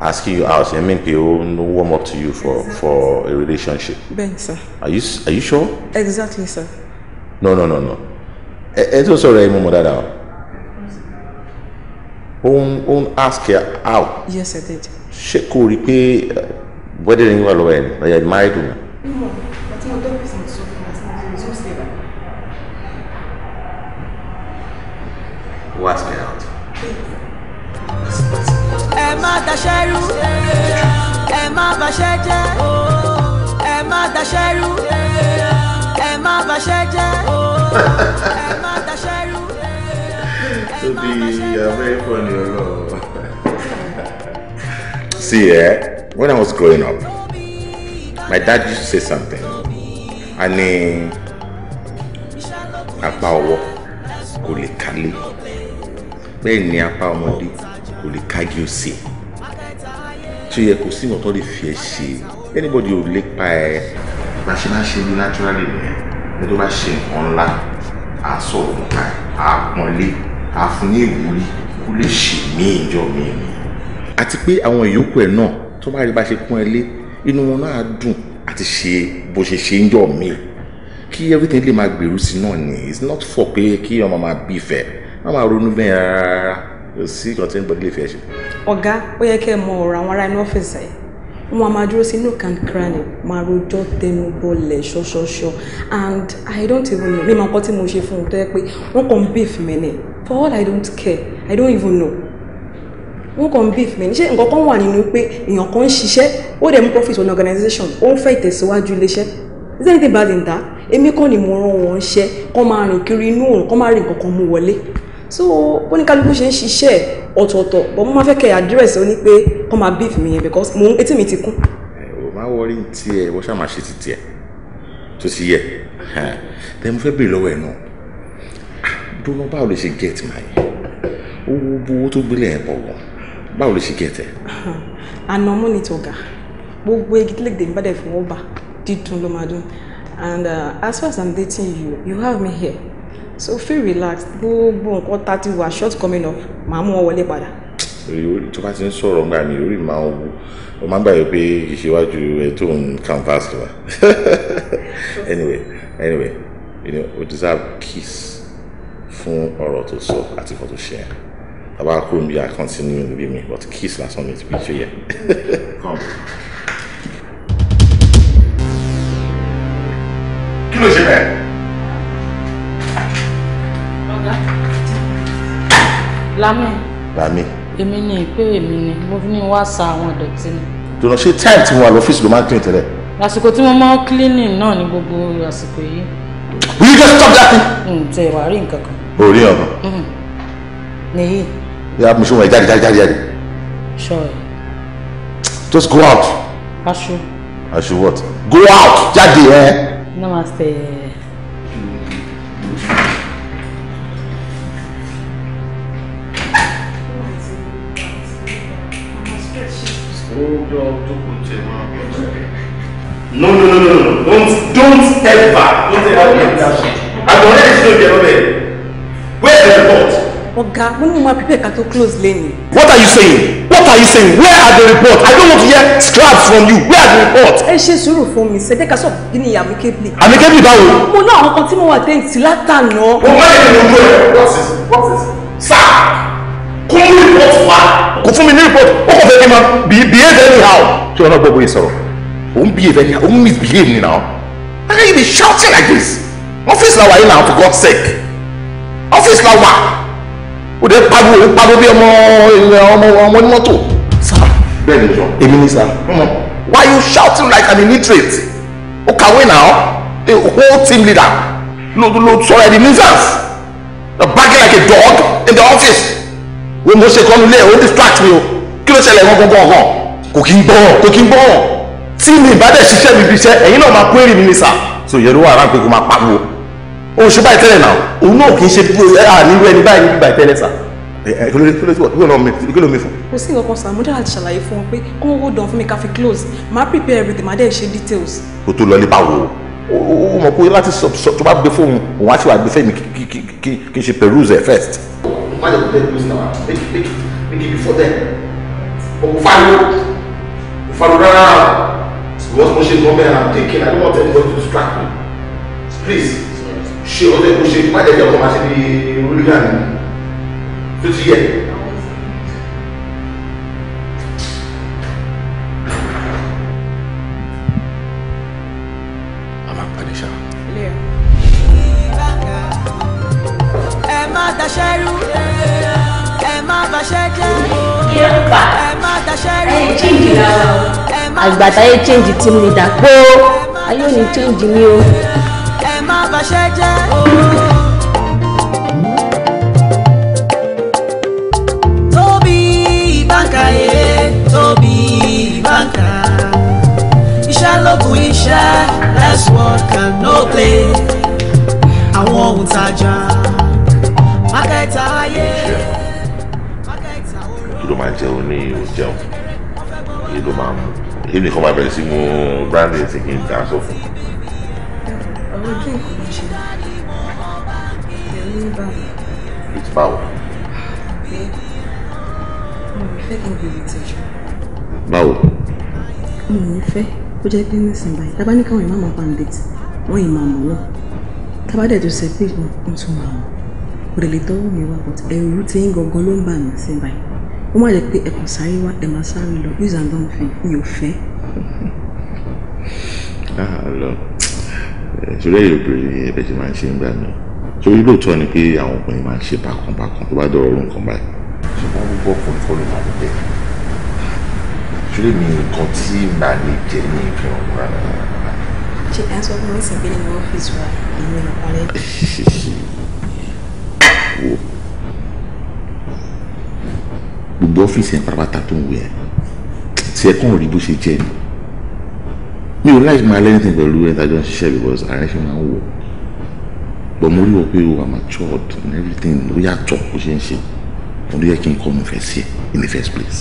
asking you out, I mean, people no warm up to you for exactly, for a relationship. Ben, sir. Are you are you sure? Exactly, sir. No, no, no, no. Ẹ tó sọ̀rọ̀ ẹ̀mú mọ̀ dáadáa o. Òun òun ask her out. Yes, I did. Ṣé kò rí pé uh, wedding wà lọ́wọ́ ẹ̀ ní? Ọ̀yà married woman. No, but my dog is not so fast. I was just Who asked her out? má daṣẹ́ rú ẹ má baṣẹ́ jẹ́ ẹ má daṣẹ́ rú ẹ má baṣẹ́ jẹ́ ẹ má ni ọlọ́run. [LAUGHS] See, eh, when I was growing up, my dad used to say something. Àní apá ọwọ́ kò lè kálé, bẹ́ẹ̀ ni apá ọmọdé kò lè kági òsì tó yẹ kò sí nǹkan tó lè fi ẹ ṣe anybody ò lè pa ẹ. bá a ṣe máa ṣe ní naturally nìyẹn ní tó bá ṣe nǹkan ńlá á sọ̀rọ̀ nípa ẹ̀ á pọ́nlé á fún ní ìwúrí kó lè ṣe mí ìjọ mi ni. àti pé àwọn ìyókù ẹ̀ náà tó bá rí bá ṣe pọ́n ẹ lé inú wọn náà á dùn àti ṣe bó ṣe ṣe ń jọ mí kí everything lè máa gbèrú sí náà ni it's not for pé kí ọmọ máa bí ìfẹ́ má máa ronú bẹ́ẹ̀ rárá kò sí ìkan tí ń gbọ́dọ̀ lè fi ẹ̀ ṣe. ọ̀gá ó yẹ kẹ́ ẹ mọ ọ̀rọ̀ àwọn ará inú ọ́fíìsì ẹ̀ wọn a máa dúró sí inú kankara ni máa rojọ́ tẹnu bọlẹ̀ ṣọṣọṣọ and i don't even know mi máa kọ́ tí mo ṣe fún un tó yẹ pé wọ́n kàn ń beef mi ni for all i don't care i don't even know wọ́n kàn ń beef mi ni ṣé nǹkan kan wà nínú pé èèyàn kan ń ṣiṣẹ́ ó dẹ̀ mú profit on organization ó ń fẹ́ ìtẹ̀síwájú iléeṣẹ́ is there anything bad in that èmi kàn ni mo rán wọn ṣẹ́ kàn máa rìn kiri inú òun kàn máa rìn kankan mú wọlé so ó ní kálukú ṣe ń ṣiṣẹ́ ọ̀tọ̀ọ̀tọ̀ but mo máa fẹ́ kẹ́ àdírẹ́sì ó ní pé kọ́ máa beef mi yẹn because mo etí mi ti kún. o máa wọrí tiẹ̀ wọ́n ṣáà máa ṣe ti tiẹ̀ tó ti yẹ then mo fẹ́ béèrè lọ́wọ́ ẹ̀ náà dúró ah, báwo lè ṣe get my owó owó tó gbélé ẹ̀ pọ̀ wọ́n báwo lè ṣe get ẹ̀. àná mú ni tòga gbogbo igi tí lè dé nígbàdàn ìfowópamọ́ dídùn ló máa dùn and uh, as far as i'm dating you you have me here so feel relaxed gbogbo nǹkan tá a ti wà short coming up màá mú wọn wọlé padà. tó bá ti ń sọ̀rọ̀ ńgbà mi lórí máa ń wú o máa ń gbàgbé pé ìṣèwájú ẹ tó ń canvas wa [LAUGHS] anyway anyway you know, we deserve kiss fún ọ̀rọ̀ tó sọ àti ìfọ̀ tó ṣe ẹ̀ tàbá kúrò níbi àkàntínú níbi mi but kiss lásán mi ti fi ṣe yẹ. [LAUGHS] come. kí ló ṣe bẹ́ẹ̀. Lami. Lami. Èmi ni ìpè èmi ni mo fi ní wá sa àwọn ìdọ̀tí ni. Jọ̀nà ṣe time tí mo wà lọ́fíìsì ló máa ń clean tẹ́lẹ̀. Àsìkò tí mo máa ń cleaning náà ni gbogbo àsìkò yìí. Will you just stop that thing? Ǹjẹ́ ìwà rí nǹkan kan? O rí ọ̀nà. Mm-hmm. Nìyí. Bí a mú ṣe wọ̀nyí jáde jáde jáde jáde. Sure. Just go out. Aṣọ. Aṣọ what? Go out jáde ẹ. Namaste. no no no no no don't don't ever don't ever do that shit àgbọ̀nrẹ́ ẹ̀ ṣe ló jẹ lọ́bẹ̀ the report. ọ̀gá when ní mo máa prepare ká tó close lẹ́yìn. what are you saying what are you saying where are the report i don't want to hear scraps from you where are the report. ẹ ṣe sùúrù fún mi ṣe dẹ́ka sọ̀rọ̀ kí ni amicably. amicably báwo. mo ní àwọn kan tí mo wà tẹ́ǹtì látàná. mo máa ń yẹ kí n lo ojú ẹ̀ what's this what's this kó mú report wá kò fún mi ní report ó kò fẹ́ kí n máa behave anyhow tí wọn náà gbọ́ bóyá sọ̀rọ̀ òun behave anyhow òun misbehave ni now Why can you be shouting like this office la wà yìí now for God's sake office la wà ó dé pariwo ó pariwo bí ọmọ ọmọ ọmọ onímọ́tò sá bẹ́ẹ̀ ni sọ èmi ni sá mm-hmm. why you shouting like an illiterate ó kàwé now a whole team leader ló ló sọ̀rọ̀ ẹni nuisance na barking like a dog in the office wo mo ṣe kọ́nu ilé ẹ̀ distract mi o kí ló ṣẹlẹ̀ gangan gangan kò kí ń gbọ́ràn kò kí ń gbọ́ràn tí mi bá dẹ̀ ṣiṣẹ́ mi fi ṣẹ́ ẹ̀yin náà máa query mi ni sà so ìyẹn ló wà rán pé kó máa pariwo o ṣe báyìí tẹ́lẹ̀ náà òun náà kì í ṣe àníwú ẹni báyìí níbi báyìí tẹ́lẹ̀ sà kí ló mi fún. kò sí nǹkan sàn mo dára ti ṣàlàyé fún wọn pé kí wọ́n hold on fún mi ká fi close máa prepare everything máa dẹ̀ ṣe details. kò tó lọ ní báwo o mọ̀ pé láti sọ tó bá gbé fóun òun á ti wà gbé fẹ́ mi kí n ṣe peruse first why dem dey lose now make make make you before them okufalo okufalo rárá o because mo ṣe gan bẹ́ẹ̀ i'm thinking i don't want anybody to distract me please ṣe ọdẹ mo ṣe má jẹ́ jẹ́ ọkọ máa ṣe bí olùdarí tó ti yẹ. pa ẹ change la wa àgbàtà yẹ change team leader pé ayé ò ní change ni o. ẹ má bàṣẹ jẹ́ ooo. iṣẹ́ lókun iṣẹ́ less work and no play àwọn òǹtajà mákẹ́tà ayé ló máa jẹun ní òjẹun èyí ló máa mú èyí nìkan máa bẹ̀rẹ̀ sí mu brandy tí kì í dá sọ fún. ọ̀rọ̀ ojú ìkọ̀ ló ṣe ẹ̀rú ń bà mí. ètò báwo. pé mo ò fẹ́ kí n bèrè ìtẹ̀jú. báwo. mo ò fẹ́ ó jẹ́ pé nísìnyí báyìí tá a bá ní káwọn ìmáàmù bá wọ́n yìí máa mọ̀ dẹ̀ tó separate wọn ó tún máa òrèlè tọ́wọ́ mi wà pọ̀ ẹ̀rù tí ń gangan ló ń bà mí sí báyìí ó má jẹ́ pé ẹ kàn sáré wá ẹ máa sáré lọ use and don fi mi ò fẹ́. àlọ ìṣúlẹ̀ ìròbìnrin yẹn bẹ́ẹ̀ ṣe máa ń ṣe ń gbà mí torí lóòótọ́ ni pé àwọn ọkùnrin máa ń ṣe bákanbákan tó bá dọ̀ ọ̀rùn kan báyìí ṣùgbọ́n gbogbo ọkùnrin kọ́ ló máa ń bẹ̀ ìṣúlẹ̀ mi nǹkan tí màá lè jẹ́ ní ìfihàn kúrò rárá. ṣé ẹ sọ fún mi sí pé nínú ọ́fíìsì wa èmi ò parẹ́. [LAUGHS] gbogbo ọ́fíìsì yẹn pátápátá tó ń wẹ̀ tí ẹ kàn rí bó ṣe jẹ́ ni mi ò láì máa lẹ́yìn pẹ̀lú ẹ̀ tájọ́ ń ṣiṣẹ́ because ààrẹ ṣe máa ń wò but mo rí wọ pé o wà matured and everything ó yàtọ̀ bó ṣe ń ṣe mo ló yẹ kí n kọ́ mo fẹ́ sí ẹ in the first place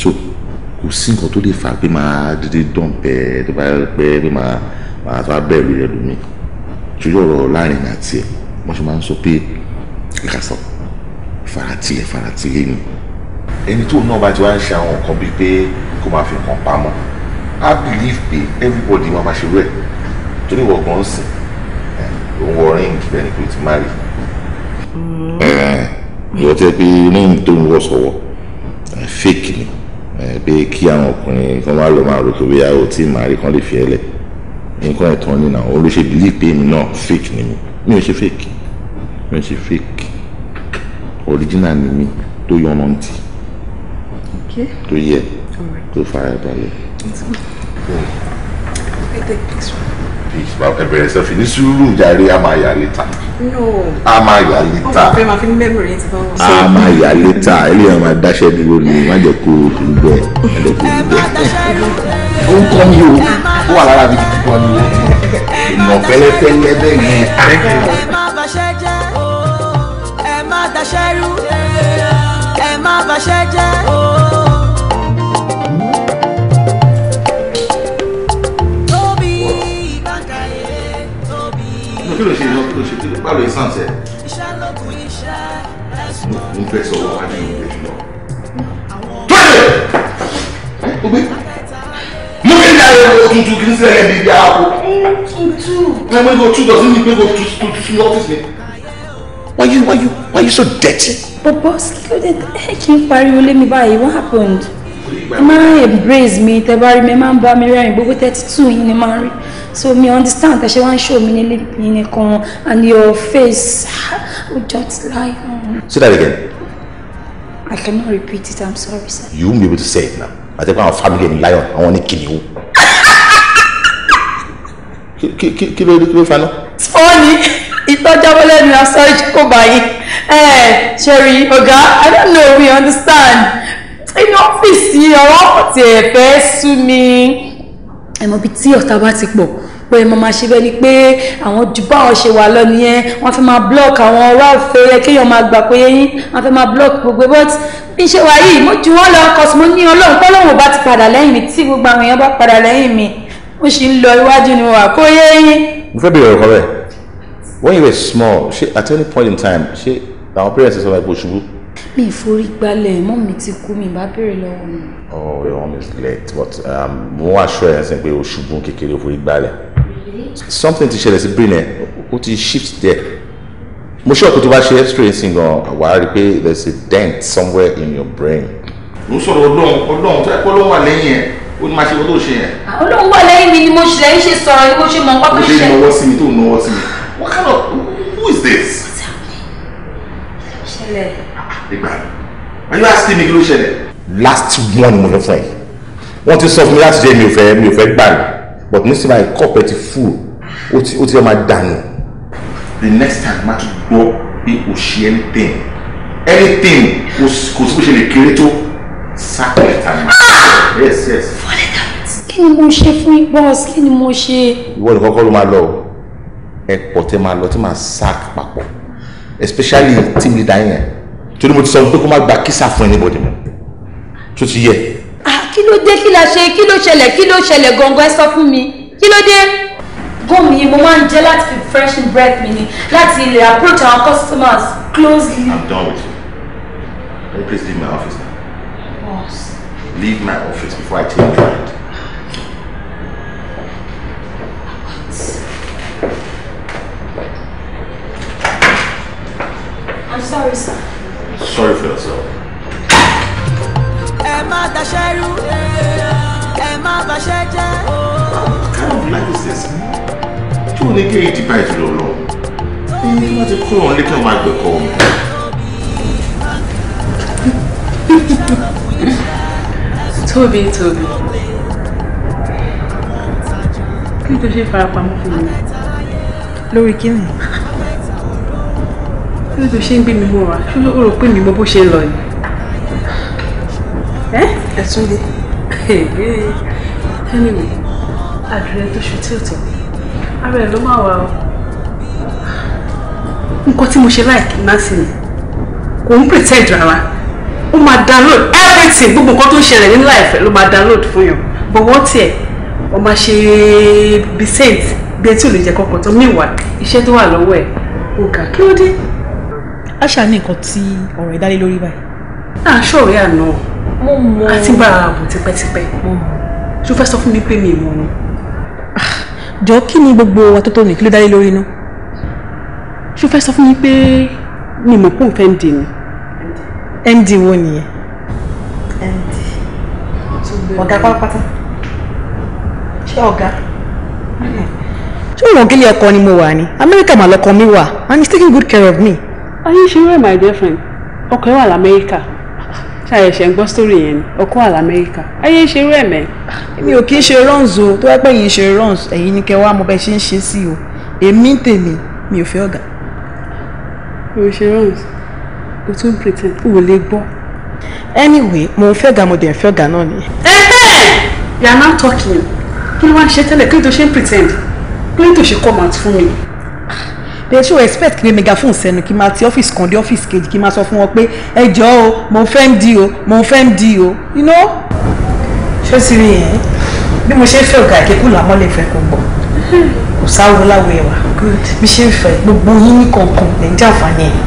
so kò sí nǹkan tó lè fà á pé máa dídí dán pẹ́ tó bá pẹ́ pé máa máa tó bá bẹ́ẹ̀ lórí ẹlòmíì ṣùgbọ́n ọ̀rọ̀ láàrin àti ẹ̀ wọ́n ṣe máa ń sọ pé kàkà sọ̀rọ̀ faratilẹ̀ faratilẹ̀ ni ẹni tó náà bá ti wá ń ṣe àwọn nǹkan bíi pé kó máa fi nǹkan pamọ́ I believe pé everybody máa ma ṣe rẹ̀ torí ìwọ gan sìn òun wọ ring bẹ́ẹ̀ ni pé ti má ìwọ tẹ́ pé ring tó ń wọ̀ sọ̀wọ́ fake ni pé kí àwọn ọkùnrin kan wá lọ máa rò pé bóyá o tí màá kan lè fi ẹ lẹ̀ nǹkan ẹ̀tàn nínú àwọn olóṣèlú believe pé èmi náà fake ni mi mi ò ṣe fake mi ò ṣe fake original ni mi tó yọrantí tó yẹ tó fara balẹ̀. ẹbẹ̀rẹ̀ sẹ́fì ní sùúrù jàre a máa yà létà. a máa yà létà. a máa yà létà eléyà máa dáṣẹ́ dúró ni má jẹ́ kó o tún bẹ̀ má jẹ́ kó o bẹ̀. ó ń kọ́ mi o ó wà lára mi kí n kọ́ mi o ìmọ̀ fẹ́lẹ́fẹ́lẹ́ bẹ́ẹ̀ yẹn daṣẹ́rú ẹ má baṣẹ́ jẹ́. kí ló ṣe iná kí ló ṣe kí ló bá lóye mo fẹ́ sọ wọ́n wájú ìwé lọ. tóyè ọgbẹ́ mo fi ní ayé ọ̀rọ̀ tuntun kí n sílẹ̀ ní ibi àpò. tuntun. ẹ mọ̀ ní ko two ní pé ko two two ọ́fíìsì mi. wáyé wáyé why are you so dirty. but boss kí ló dé ẹ kì í pariwo lé mi báyìí what happened My embrace me, the Barry, rí man ẹ me ń but mi rẹ́rìn gbogbo thirty two yìí ni máa so me understand tẹ ṣe wá ń show mi in a nìkan and your face would ah, just lie. on. say that again. I cannot repeat it I'm sorry sir. you won't be able to say it now I pé àwọn family to lie on. ẹni lion àwọn ní kìnìún. [LAUGHS] kí ló kí ló faná. it's funny ìtọ́jábọ́lẹ̀ ni asọ́rí kò báyìí ẹ ṣẹ̀rí ọ̀gá i don't know we understand inú ọ́fíìsì ọ̀rọ̀ ọ̀tẹ̀ ẹ̀fẹ́ sú mi ẹ̀mọ́ bíi tí ọ̀tá bá ti pọ̀ pé mo máa ṣe bẹ́ẹ̀ ni pé àwọn ju báwọn ṣe wà lọ nìyẹn wọ́n fẹ́ máa block àwọn ọ̀rọ̀ ọ̀fẹ́ yẹ kéèyàn máa gbà pé yẹn wọ́n fẹ́ máa block gbogbo but bí ṣe wà yìí mo ju wọ́n lọ cos mo ní ọlọ́run tọ́lọ́run bá ti padà lẹ́yìn mi tí gbogbo àwọn èèyàn bá padà lẹ́yìn mi mo sì ń lọ iwájú ni mo wà kó yẹ yín. mo fẹ́ bèrè ọ̀rọ̀ kan bẹ́ẹ̀ when you were small ṣe at any point in time she, our parents sọ wípé o ṣubú. mi ìforí gbalẹ̀ mọ́ mi ti kú mi bá béèrè lọ́wọ́ mi. oh your mom is late but um, mo wá aṣọ ẹ̀ sẹ́yìn pé o ṣubú kékeré o forí gbalẹ̀ something ti ṣẹlẹ̀ sí brain ẹ̀ o ti shift there mo ṣe ọ̀pọ̀ tó bá ṣe x-ray sí gan wà á rí i pé there is a dent somewhere in your brain. mo ń sọ̀rọ̀ ọlọ́run ọlọ́run tó yẹ kó ló wà lẹ́yìn ẹ̀ ó ní máa ṣe owó tó ṣe yẹn. olóhùn wà lẹ́yìn mi ni mo ṣe sọ̀rọ̀ ni mo ṣe mọ̀ nǹkan tó ṣe. mo ṣe ìnáwó sí mi tó ń náwó sí mi. What kind of... Who is this? What's happening? Ṣẹlẹ̀. Are you asking me kí Last one my friend. Want to solve me last day, my friend, my friend, ò But ní sinmi àìkọ́ pẹ̀ ti fún o ti o ti The next time máa tún gbọ́ pé o ṣe anything anything kò sí bó ṣe lè kéré tó sáàkì ah! Yes yes. Fọ́lẹ́tà. Kí ni mo ṣe fún bọ́ọ̀sì? Kí ni mo ṣe? Ìwọ ni kọ́kọ́ ló máa lọ o airport ẹ máa lọ tí màá sack papọ̀ especially team leader yẹn torí mo ti sọ pé kó má gba kísà fún anybody mọ́ tó ti yẹ. Ah, kí ló dé kí la ṣe kí ló ṣẹlẹ̀ kí ló ṣẹlẹ̀ gangan ẹ sọ fún mi kí ló dé. gọ́ọ̀mù mo máa ń jẹ́ láti fi fresh breath mi ni láti lè approach our customers closely. I'm done with you. Can you please leave my office now? Boss. Leave my office before I take you out. I'm sorry, sir. Sorry for yourself. What kind of life is this? You only get kí èyí dìbà ìjùlọ lọ, ní wọ́n ti kúrò ní kí wọ́n máa gbẹ̀kọ́. Tóbi Tóbi, kí ló ṣe farapamọ́ fún mi? bí o ṣe ń gbé mi mọ́ra ṣé o rò pé mi mọ bó ṣe ń lọ yìí. ẹ ẹ tún dé. anyway àdúrà tó ṣe tí ò tọ́ ara ẹ̀ ló máa wà o. nǹkan tí mo ṣe láìkí náà sì ni kò ń pretend rárá ó máa download everything gbogbo nǹkan tó ń ṣẹlẹ̀ ní life ló máa download fún yàn bọ̀wọ́ tiẹ̀ wọ́n máa ṣe bí saint bí etí ò lè jẹ́ kọ́kọ́ tó níwà iṣẹ́ tó wà lọ́wọ́ ẹ̀ ó ga kí ló dé àṣà ní nǹkan tí ọ̀rọ̀ ìdálé lórí báyìí. à ah, ń ṣọ̀rẹ́ àná mo mọ àti gbà ààbò tipẹ́tipẹ́ mo mọ ṣó fẹ́ sọ fún mi pé mi mọ̀ ọ́n. Ah, jọ kí ni gbogbo atótó ní kí ló dálé lórí ná ṣó fẹ́ sọ fún mi pé mi mọ̀ pé òun fẹ́ ń dì ní md wo nìyẹn. md ọ̀gá pátápátá ṣé ọ̀gá ṣé òun ọ̀gẹ́lẹ̀ ẹ̀kọ́ ni mo wà ní amẹ́ríkà màlọ́kọ mi wà and he's taking good care of me ayé ṣe wẹ́ẹ̀ my dear friend ọkọ ẹ wà lamẹ́ríkà ṣàyẹ̀ṣẹ̀ ń gbọ́ sórí yẹn ni ọkọ wà lamẹ́ríkà ayé ṣe wẹ́ẹ̀ mẹ́. èmi ò kí ń ṣe runs o tó wá pẹ́ yìí ṣe runs ẹ̀yin ni kẹ́ wá mo bẹ́ ṣe ń ṣe sí o èmi tèmi mi ò fẹ́ ọ̀gá. o ṣe runs o tún pretend o ò lè gbọ́. anyway mo ń fẹ́ ọ̀gá mo dẹ̀ ń fẹ́ ọ̀gá náà ni. ẹ bẹ́ẹ̀ you are now talking kí ló wá ń ṣe tẹ́lẹ̀ kí ló tó ṣe ń pretend kí ló tó ṣe come out fún mi they should expect pé megaphone sẹ́nu kí n máa ti ọ́fíìsì kan dé ọ́fíìsì kejì kí n máa sọ fún wọn pé ẹ jọ o mo fẹ́ ń di o mo fẹ́ ń di o you know. ṣé o ti rí yẹn bí mo ṣe ń fẹ́ ọ̀gá ìkékù làmọ́ lè fẹ́ kó gbọ́ kò sáwo láwo ẹ̀wà bí ṣe ń fẹ́ gbogbo yín ní kankan lẹ́ ń jàǹfààní ẹ̀.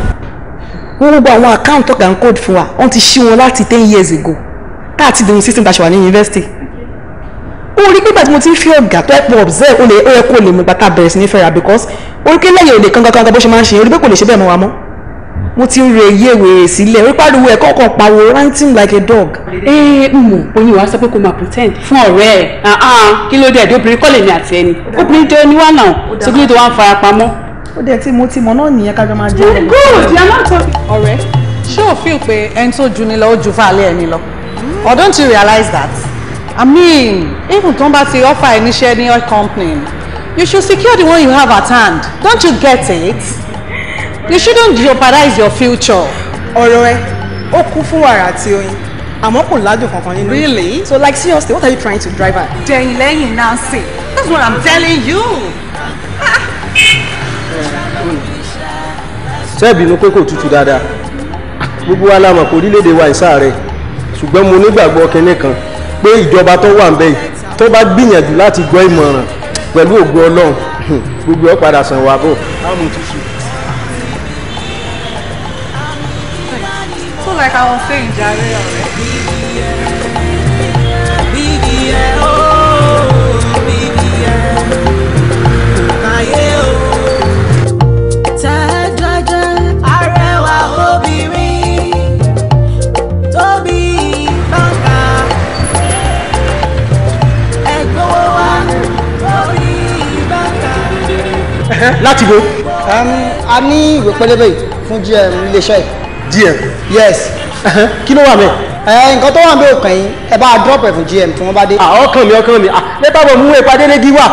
wọ́n gbogbo àwọn àkáǹtì ọ̀gá ń kóòdù fún wa wọ́n ti ṣí wọn láti ten years ago tá a ti dèrò system tá a ṣe wà ní yunifásitì ó rí pípa tí mo ti ń fi ọ̀gá tó ẹ̀pọ̀ observe ó lè ó yẹ kó lè mú bàtà bẹ̀rẹ̀ sí ní fẹ́ra because oríkè lẹ́yìn òde kankan kankan bó ṣe máa ń ṣe orí pé kò lè ṣe bẹ́ẹ̀ mọ́ wa mọ́ mo ti ń re iye wèrè sílẹ̀ orí pariwo ẹ̀ kọ̀ọ̀kan pariwo ranting like a dog. ee mo oyin wa sọ pé kó máa pretend fún ọ̀rẹ́ ẹ̀ kí ló dé ẹ̀dọ́ obìnrin kọ́ lè ní àti ẹni obìnrin tó ní wà náà ṣùgbọ́n tó wà ń fara pamọ́. ó dẹ̀ tí mo ti mọ̀ náà nìyẹn kájọ máa jẹ́ good you are not talking. ọ̀rẹ́ ṣé o feel pé ẹni tó ju ni lọ ó ju fàálẹ̀ ẹni lọ or don't you realize that? I mean, even tó ń offer ẹ níṣẹ́ ní company, you should secure the one you have at hand. Don't you get it? You shouldn't jeopardize your future. Ọ̀rọ̀ ẹ, ó kún fún wàrà àti oyin, àmọ́ kò ládùn kankan nínú. Really? So like seriously, what are you trying to drive at? Dẹ̀yìn lẹ́yìn Nancy, that's what I'm telling you. Ṣé ìbínú pé kò tutu dada. Gbogbo wa la mọ̀ pé orílẹ̀ wa ìsáà rẹ̀, ṣùgbọ́n mo nígbàgbọ́ kinní kan pé ìjọba tó wà ń bẹ tó bá gbìyànjú láti gbọ́ ìmọ̀ràn pẹ̀lú ògo ọlọ́run [LAUGHS] gbogbo ọ̀ padà sàn wá bọ̀. So like I was saying, Jared. already. láti bo. a ní ìwé pẹlẹbẹ yìí fún GM iléeṣẹ́ yìí. GM. yes. kí ló wà mẹ́. ẹ nǹkan tó wà ń bẹ òkàn yín ẹ bá a drop ẹ fún GM tí wọ́n bá dé. Ah, ọkàn mi ọkàn mi ah, lẹ́tà bọ̀ mú ìpàdé lẹ́gí wà.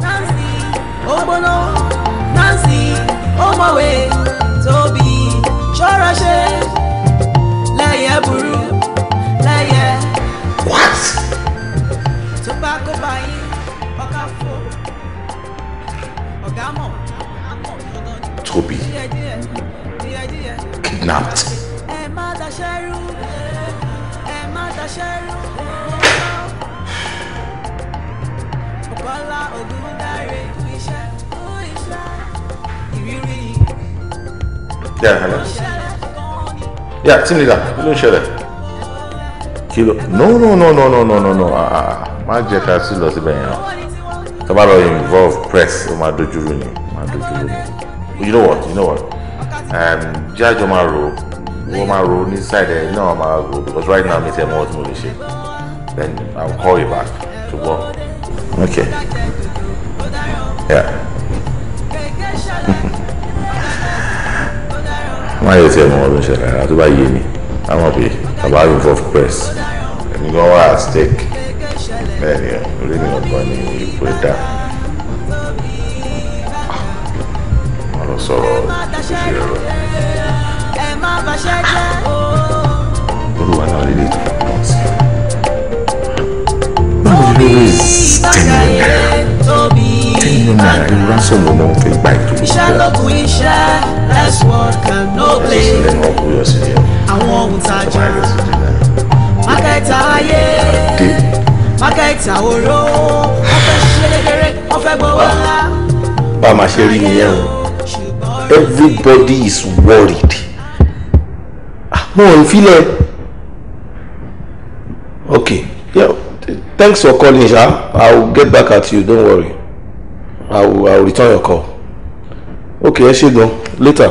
Nancy, ó Nancy, ó yeah team leader kí ló ṣẹlẹ̀ kí ló no no no no no no no no ah, ah, ah. má jẹ́ ká sí lọ síbẹ̀ yẹn tó bá lọ involve press ó máa dojú rú ni máa dojú rú ni you know what you know what um, jájọ máa ro wọ́n máa ro ní side ẹ̀ náà máa ro because right now mi tẹ̀ mọ́ ọtí mo lè ṣe then I will call you back tomorrow. okay yeah. má yẹ tiẹ̀ mọ̀ ọdún ṣẹlẹ̀ rárá tó bá yé mi àmọ́ pé àbá involve press èmi gan wà at stake bẹ́ẹ̀ ni orí mi ọ̀gbọ́n ni ipò ẹ̀dá wọn lọ sọ̀rọ̀ ìṣe ẹ̀rọ. olúwa náà lè lè tó pọ̀ sí i. báwo ni ló rí ten million naira ten million naira irú ransom ló mọ̀ nípa ètò ìgbà. iṣẹ́ ló iṣẹ́ less work and no play. àwọn òǹtajà mákẹ́tà ayé mákẹ́tà oró wọ́n fẹ́ ṣe lẹ́gẹ̀rẹ́ wọ́n fẹ́ gbọ́ wọ́lá. bá a máa ṣe rí nìyẹn o everybody is worried. Ah, mo ò ń filẹ̀ okay yeah, thanks for calling sha i will get back at you don't worry i will i will return your call ok ẹ ṣe gan later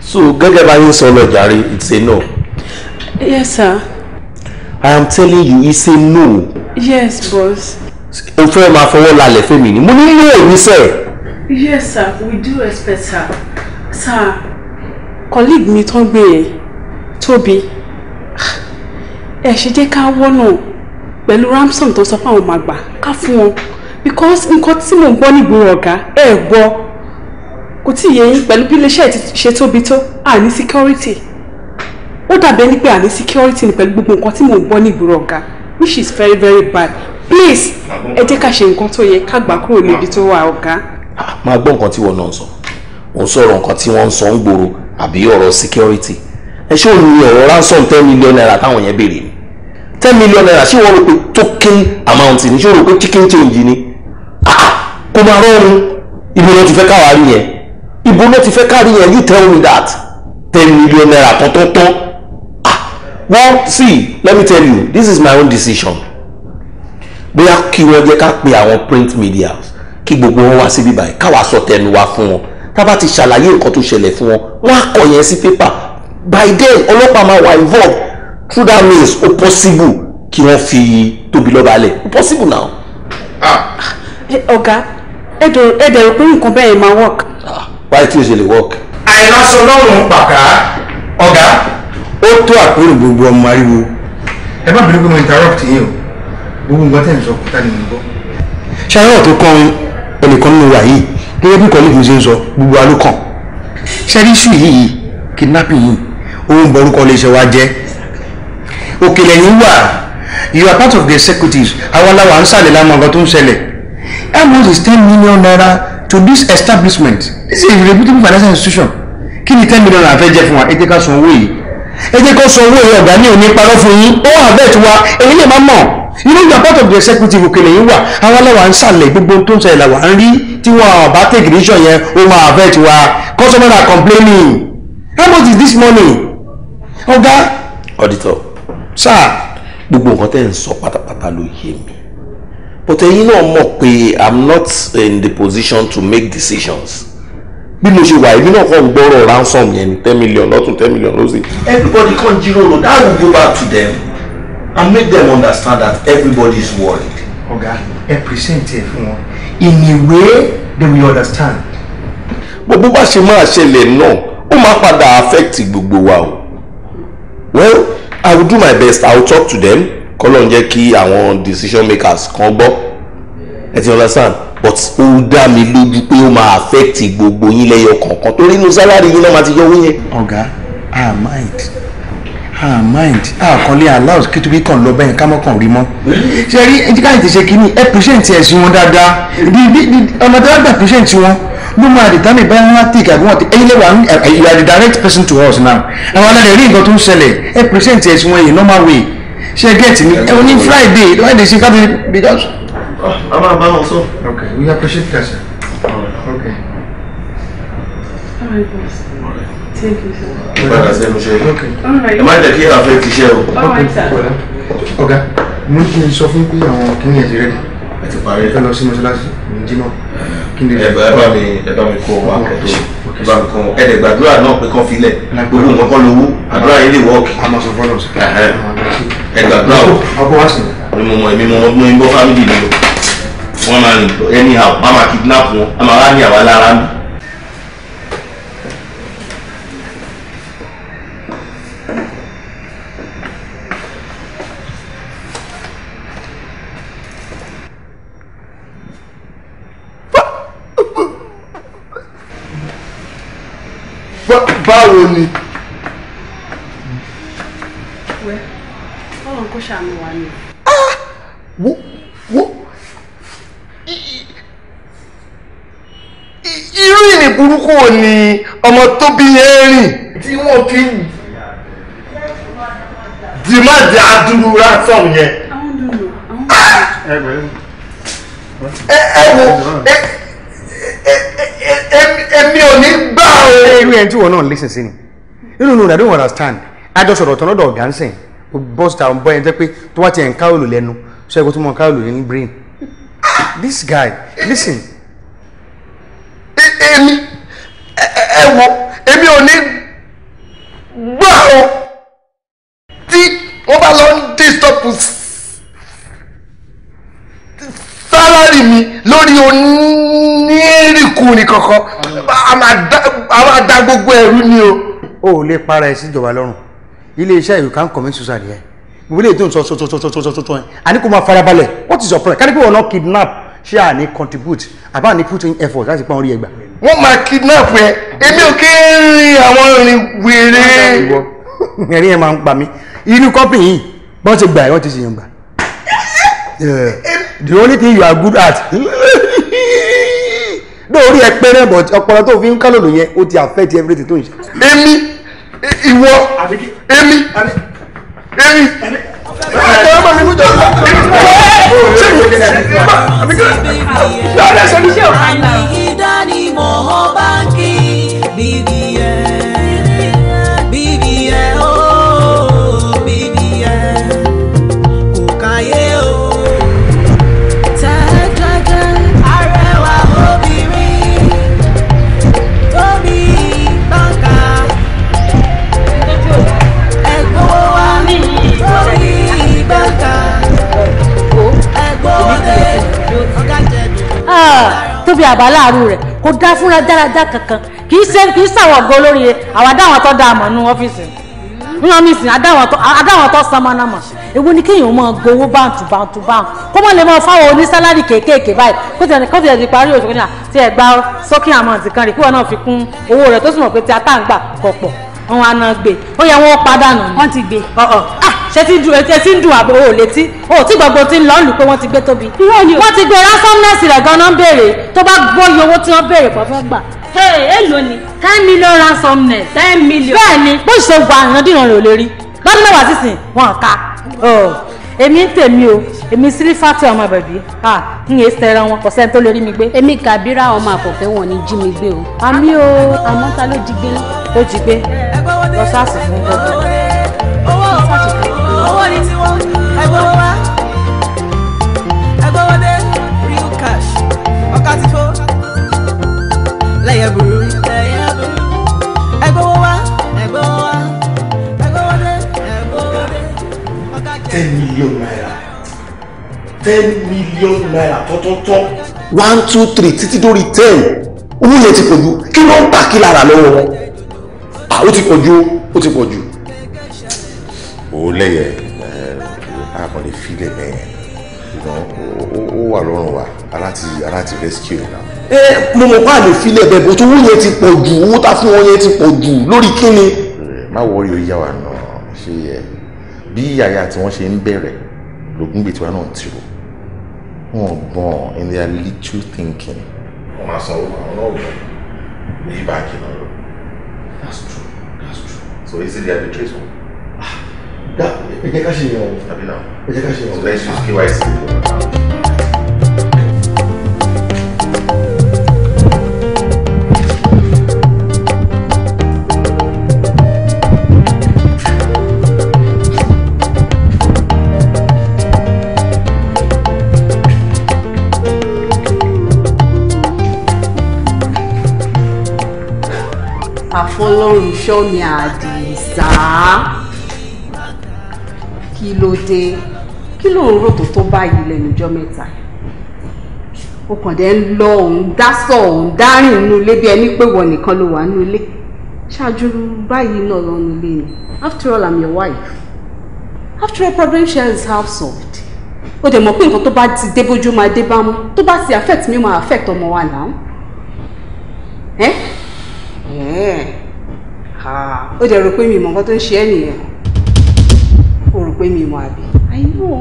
so gẹ́gẹ́ bá yín sọ lọ́jà rí it's a no. yes sir. I am telling you it's a no. yes boss. o fẹ́ máa fọwọ́ lálẹ́ fẹ́mi ni mo ní ilé èmi sẹ́. yes sir we do respect sir sir colleague mi tán gbé e tóbi ẹ ṣe jẹ́ ká wọ́nà pẹ̀lú ransom tó sọ fún àwọn màgbà ká fún wọn because nǹkan tí mò ń gbọ́ nígboro ọ̀gá ẹ̀ gbọ́ kò tí ì yé yín pẹ̀lú bí iléeṣẹ́ ṣe tóbi tó àní security ó dàbẹ́ ní pé àní security ni pẹ̀lú gbogbo nǹkan tí mò gbọ́ nígboro ọ̀gá which is very very bad please ẹ jẹ́ ká ṣe nǹkan tó yẹ ká gbà kúrò níbi tó wà ọ̀gá. Ah, máa gbọ́ nǹkan tí wọ́n náà sọ òun sọ̀rọ̀ nǹkan tí wọ́n ń sọ ń gbòòrò àbí ọ̀rọ̀ security ẹ ṣé òun ni ọ̀rọ̀ ransom ten million naira táwọn yẹn béèrè ni ten million naira ṣé wọ́n rò pé token amount ni ṣé wọ́n rò pé chicken change ni kó máa rọrùn ibo ló ti fẹ́ káwa rí yẹn ibo ló ti fẹ́ kárí yẹn you tell me that ten million naira Ah. well see let me tell you this is my own decision bóyá kí wọ́n jẹ́ ká pe àwọn print media kí gbogbo wọn wá síbí báyìí káwa sọ tẹnu wa fún wọn tá bá ti ṣàlàyé nǹkan tó ṣẹlẹ̀ fún wọn wọ́n á yẹn sí pépà by then ọlọ́pàá máa wà involved through that means ó possible kí wọ́n fi tóbi lọ́ba lẹ̀ possible now. Ah ọ̀gá ẹ̀dẹ̀ rò pé nǹkan bẹ́ẹ̀ máa work. wáyé tí o ṣe lè work. àìlọ́sọ lọ́rùn pàkà ọ̀gá. ó tó àpérò gbogbo ọmọ ariwo. ẹ má bínú pé mo interrupt yín o gbogbo nǹkan tẹ̀ ń sọ kúta ni mo gbọ́. ṣayọ́ tó kọ́ ẹnìkan nínú wa yìí gẹ́gẹ́ bí kọ́lé mi ṣe ń sọ gbogbo alókàn ṣẹ́rí iṣu yìí kidnapping yìí òun borúkọ iléeṣẹ́ wa jẹ́ òkèlè yín wà you are part of the executives àwọn aláwa ń sàlẹ̀ lámọ̀ nǹkan tó ń ṣẹlẹ̀ almost is ten million naira to this establishment this is a reputable financial institution kí ni ten million naira fẹ́ jẹ́ fún wa ẹ jẹ́ ká san owó yìí ẹ jẹ́ ká san owó yìí ọ̀gá ní òní parọ́ fún yín ó hàn bẹ́ẹ̀ tí wa èyí lè má mọ̀ you know you part of the executive òkèlè yín wà àwọn aláwa ń sàlẹ̀ gbogbo tó ń sẹ̀lẹ̀ làwà ń rí tí wọn ò bá take decision yẹn ó máa bẹ́ẹ̀ tí wa customer are complaining how much is this money ọ̀gá. auditor sir gbogbo nǹkan tẹ́ ń sọ pátápátá ló yé mi but ẹ̀yin náà mọ̀ pé i'm not in the position to make decisions bí mo ṣe wà èmi náà kàn gbọ́rọ̀ ransom yẹn ní ten million lọ́tún ten million lọ́sẹ̀. everybody kan jíròrò that will go back to them and make them understand that everybody is worried. ọ̀gá ẹ present ẹ fún wọn in a way they will understand. But bó bá ṣe máa ṣẹlẹ̀ náà ó máa padà affect gbogbo wa o well i will do my best i will talk to them kọ́lọ́n jẹ́ kí àwọn decision makers kan gbọ́ ẹ ti understand but ó dá mi lójú pé ó máa affect gbogbo yín lẹ́yọ kọ̀ọ̀kan torí inú sálárì yín náà máa ti yọ owó yẹn. ọ̀gá ah mind ah mind ah kan lè allow kíntúbí kan lọ bẹ́yìn ká mọ́kàn rí mọ́ ṣe rí ẹjíkáyìn ti ṣe kínní ẹ patient ẹ̀sìn wọn dáadáa ọ̀nà tí wọ́n gbà patient wọn ló máa determine báyìí wọ́n á tèkì àbí wọ́n ti ẹ̀yin lẹ́wà you are the direct person to us now àwọn alẹ́ rẹ̀ rí nǹkan tó ń ṣẹlẹ̀ ẹ patient ẹ̀sìn wọn in normal way ṣe get me ẹ ní friday they ṣe kábíyì because. Ah, a máa bá wọn sọ. okay we appreciate that sir. okay. all right boss. thank you sir. nígbàdà sẹ́nu ṣe ẹ má jẹ́ kí àfẹ́ ti ṣe o. ọ̀gá mo ní kí n sọ fún pé àwọn kìnìún yẹn ti rẹ̀ ẹ ti parí. ẹ lọ sí mọ́ṣáláṣí ǹjẹ́ náà. ẹ bá mi ẹ bá mi kó wa kẹ́tọ́ ìbá mi kan ẹ̀ẹ́dẹ̀gbàdúrà náà pé kán filẹ̀ gbogbo nǹkan kọ́ lówó àdúrà yìí lè wọ́ọ̀kì. a máa sọ fọlọ́ọ̀sì ẹgbà náà ọkọ wá sí i. mi mọ mi mọ mi bọ family mi o wọn máa rìn anyhow wọn máa kidnap wọn a máa wá ní àwa lára mi. bò ní ọmọ tó bí yẹn rìn tí wọn kì í dì má di adúrú ransom yẹn. ẹ ẹ wo èmi ò ní gbà o. irú ẹni tí wọn náà listen sí ni inú nu I don't understand ajọsọ̀rọ̀ tán lọ́dọ̀ ọ̀gá ń sìn bọ́sì tàwọn bọ́ ẹni tẹ́ pé tó wá ti ẹ̀ ń ká òlò lẹ́nu ṣé ẹ kó tó mọ̀ ká òlò ní brain this guy listen. èmi ẹ wo èmi ò ní gbà o tí wọ́n bá lọ ń disturb sálárì mi lórí onírìnkùnrin kankan a máa da gbogbo ẹ̀rú ni o. o ò lè para ẹ síjọba lọ́rùn iléeṣẹ́ ìwé kan commit suicide yẹn ìwé lè dùn sọ́sọ́sọ́sọ́sọ́sọ́ yẹn àní kò máa farabalẹ̀ what is your plan kárí pé wọn náà kidnap ṣé à ní contribute àbá ní put in effort láti pọ́n orí ẹgbà. wọ́n máa kidnap ẹ èmi ò kí ń rin àwọn ìrìn wèrè. ẹ̀rín ẹ̀ máa ń pa mí inú kọ́pì yìí bọ́n ti gbà ẹ̀ wọ́n ti ṣèyàn gbà. the only thing you are good at lórí ẹ pé rẹ̀ but ọpọlọ tó fi ń kálò lò yẹn ó ti affect everything tó ń ṣe. èmi ìwọ èmi èmi ìdánimọ̀ báńkì. tó fi àbá láàrú rẹ̀ kò dá fúnra dáradá kankan kì í ṣe kì í ṣàwọ̀ ọ̀gá olóríire àwọn adáwọn tó dá àmọ̀ nú ọ́fíìsì ńlá mi sìn adáwọn tó san mọ́nà mọ̀ èwo ni kéèyàn máa gbowó báǹtù báǹtù báǹtù kó mọ̀ lè mọ fáwọn onísálárì kéékèèké báyìí kó tiẹ̀ kó tiẹ̀ di parí oṣù kìnìyà tí ẹ̀ gba sọ́kì àmọ̀ǹtì kan rè kí wọn náà fi kún owó rẹ̀ tó sì mọ̀ pé tí a tá à ń gbà kọ̀ pọ̀ wọn á ná gbé ó yẹ wọn padà nù. wọn ti gbé ṣe ti dùn ṣe ti dùn àbò ò létí ò tí gbogbo ti ń lọ lù pé wọ́n ti gbé tóbi. wọ́n ti gbé randomness rẹ̀ gan-an béèrè tó bá gbọ́ iye owó tí wọ́n béèrè fún fẹ́ gbà. èèlò ni ten million ransom randomness ten million. bẹ́ẹ̀ni bó ṣe wà ìrandíran rẹ̀ ò lè rí lọ́dún mẹ́wàá sísìn wọn ká èmi ń tèmi o èmi sílífàtì ọmọ bẹ̀bí à ń yé sẹ́ra wọn kò sẹ́ni tó lè rí mi gbé. èmi kàbírà ọmọ àkọ́kẹ́ wọn ni jí mi gbé o. àmì o àmọ́ ta ló jí gbé. ó jí gbé lọ sáàsì fún gbọ́dọ̀ ten million naira ten million naira tọ́tọ́tọ́ one two three títí dórí ten owó yẹn ti pọ̀ jù kí ló ń bà kí lára lọ́wọ́ wọn ó ti pọ̀ jù ó ti pọ̀ jù ó lẹ́yẹ àkàn lè filẹ̀ bẹ́ẹ̀ ó wà lọ́rùn wa aláti aláti rescue ẹ̀ náà. ẹ mo mọ̀ pa lè filẹ̀ bẹ́ẹ̀ bó tó owó yẹn ti pọ̀ jù owó tá fún wọn yẹn ti pọ̀ jù lórí kíni. Eh, má wọrí o yá wa náà ṣe yẹ bí yàyà tí wọ́n ṣe ń bẹ̀rẹ̀ lògùn gbèsè wa náà ti rò wọn gbọ́n in their little thinking. wọ́n máa sanwó àwọn náà gbọ́n èyí báńkì náà lọ. that's true that's true. so easily i dey trace one ẹ jẹ́ ká ṣe yẹn o ẹ jẹ́ ká ṣe yẹn o. let's use KYC. àfọlọ́run ṣọ́ mi àdìsá kí ló dé kí ló ń rò tó tó báyìí lẹ́nu ọjọ́ mẹ́ta ó kàn dé ń lọ òun dá sọ òun dárìn inú ilé bí ẹni pé wọn nìkan ló wà nínú ilé ṣáájú báyìí náà lọ́nu ilé ni after all i'm your wife after all problem share is half solved ó dẹ̀ mọ̀ pé nǹkan tó bá ti dé bójú máa dé bá mú tó bá ti affect mi máa affect ọmọ wa náà ẹ́ ẹ́ ó dẹ̀ rò pé mi mọ̀ nǹkan tó ń ṣe ẹ́ nìyẹn o rò pé mi mọ̀ àbí. I know.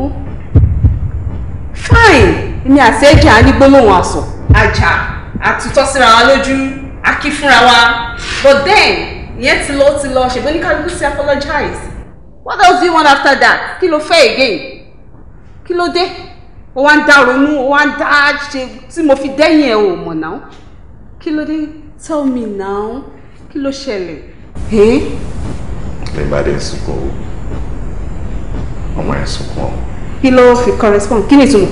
fine èmi àti ẹ̀jẹ̀ á ní gbólóhùn àsọ. àjà àtútọ́ síra wa lójú a kí fúnra wa but then ìyẹn ti lọ ti lọ ṣègbè oníkálukú sí apologize what else do you want after that kí ló fẹ́ again kí ló dé ó wá ń dá ronú ó wá ń dá ṣe tí mo fi dẹ́yìn ẹ̀ ò mọ̀ náà kí ló dé tell me now kí ló ṣẹlẹ̀. ẹ bá dé sunkún o àwọn ẹ̀sùn kan. kí ló fi correspond kí ni ìtumọ̀.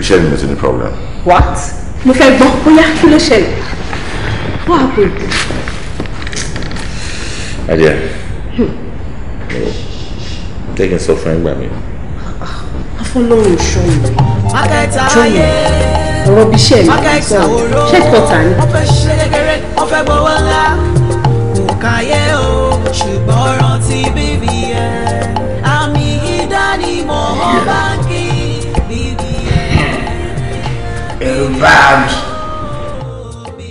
iṣẹ́ mi ti ní problem. what mo fẹ́ gbọ́ bóyá kí ló ṣẹlẹ̀ what happened. adìẹ tẹ́gì hmm. sọ fún ẹgbàá mi. afọlọ́run ṣọ́ mi. mákẹ́tà ayé ọ̀rọ̀ bíṣẹ́ mi sọ̀rọ̀ ṣẹ́kọ̀ọ́ta ni. ọ̀fẹ́ ṣẹ́gẹ́gẹ́rẹ́ ọ̀fẹ́ gbọ́wọ́ ńlá káyé o ṣùgbọ́n rántí BVN àmì ìdánimọ̀ báńkì BVN. ẹ̀rù bá mi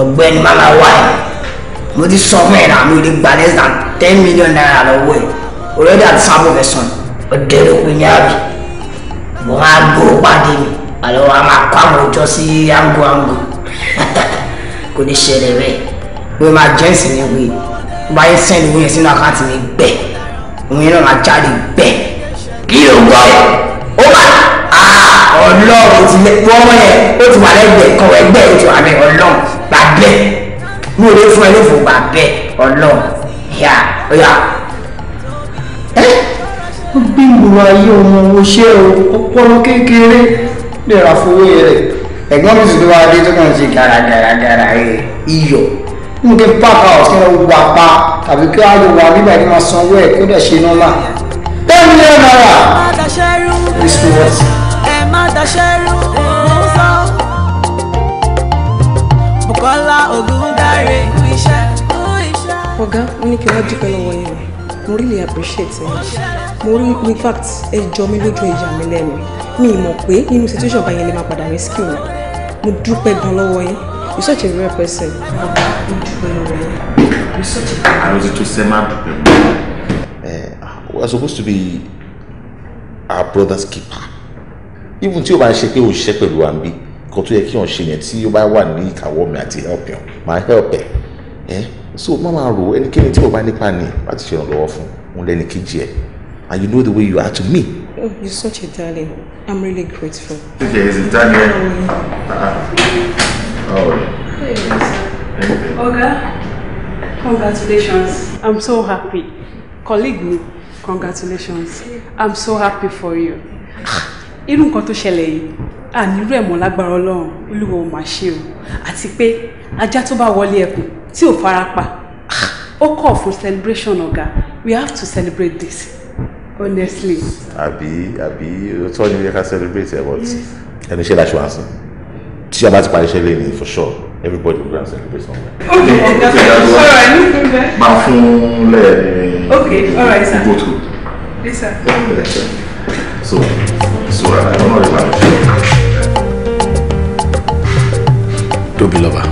ọ̀gbẹ́ni mama wa mo ti sọ fún ẹ̀ náà mo lè gba less than ten million naira lọ́wọ́ ẹ̀ already àti sábò fẹ́ sàn ọ̀dẹ́ ló pin ní àbí mo máa gbòó pàdé mi àlọ́ wa máa kọ́ àwọn ọjọ́ sí àǹgó àǹgó [LAUGHS] kò ní ṣẹlẹ̀ bẹ́ẹ̀ ló máa jẹ́ ìsinmi wí bá yẹ sẹ́ni wí yẹn sínú àkáǹtì mi gbẹ̀ òun yẹn náà máa jáde gbẹ̀. kí ló ń gbọ́ ó bá ah, ọlọ́run ti lé fún ọmọ yẹn ó ti wà lẹ́gbẹ̀ẹ́ kan ẹgbẹ́ ètò àmì ọlọ́run gbà bẹ́ẹ̀ mi ò lè fún ẹ lófo gbà bẹ́ẹ̀ ọlọ́run yà yà. ẹ ó bí ìwà ayé ọmọ owó ṣe o ọpọlọ kékeré lè ra fowó yẹn rẹ ẹ̀gbọ́n mi sì ló wá dé tó kàn sí gàràgàràgàrà iyọ̀ ní kí park house kí wọ́n wà pa tàbí kí wọ́n lè wà nígbà kí wọ́n sanwó ẹ̀ kí ó dẹ̀ ṣe iná náà ten million naira is to what. ẹ má daṣẹ́ rú mò sọ Bukola Ogundare kú iṣẹ́. ọ̀gá mo ní kí wọ́n dúpẹ́ lọ́wọ́ yẹn mo really appreciate ẹ mo rí in fact ẹ jọ mi lójú ìyá mi lẹ́nu mi ì mọ̀ pé nínú situation báyẹn lè máa padà rescue mi mo dúpẹ́ gan lọ́wọ́ yẹn. You're such a real person. You're such a. I was to say, man. We're supposed to be our brother's keeper. Even tí my bá ṣe pé o ṣiṣẹ́ pẹ̀lú wa ń bí nǹkan tó yẹ kí wọ́n ṣe yẹn tí o bá wà ní ìkàwọ́ help you. My helper. ẹ̀ eh, so mama, máa any ẹnikẹ́ni tí o bá nípa ni láti ṣe ìrànlọ́wọ́ fún òun lẹ́ni kejì ẹ̀ and you know the way you are to me. Oh, you're such a darling. I'm really grateful. Okay, Yes, darling. Ah, ah. How oh. are you? Hey, Oga, congratulations. I'm so happy. Colleague Me, congratulations. I'm so happy for you. Irú nǹkan tó ṣẹlẹ̀ yìí, ànírú ẹ̀mọ́ lágbára Ọlọ́run, Olúwa ò mà ṣe o. Àti pé ajá tó bá wọlé ẹkùn tí ò fara pa, ó kọ̀ fún celebration Oga. We have to celebrate this honestly. Abi, àbí òótọ́ ni ó yẹ celebrate ẹ̀ but ẹnu ṣe láṣọ àṣà tí a bá ti parí iṣẹ́ lé ní for sure everybody will go celebrate somewhere. Okay, that's all Okay, no problem. Okay, fún lẹ́ẹ̀ni gbogbo tó. yes sir. so so uh, i don't know if i'm sure. tóbi lọ́ba.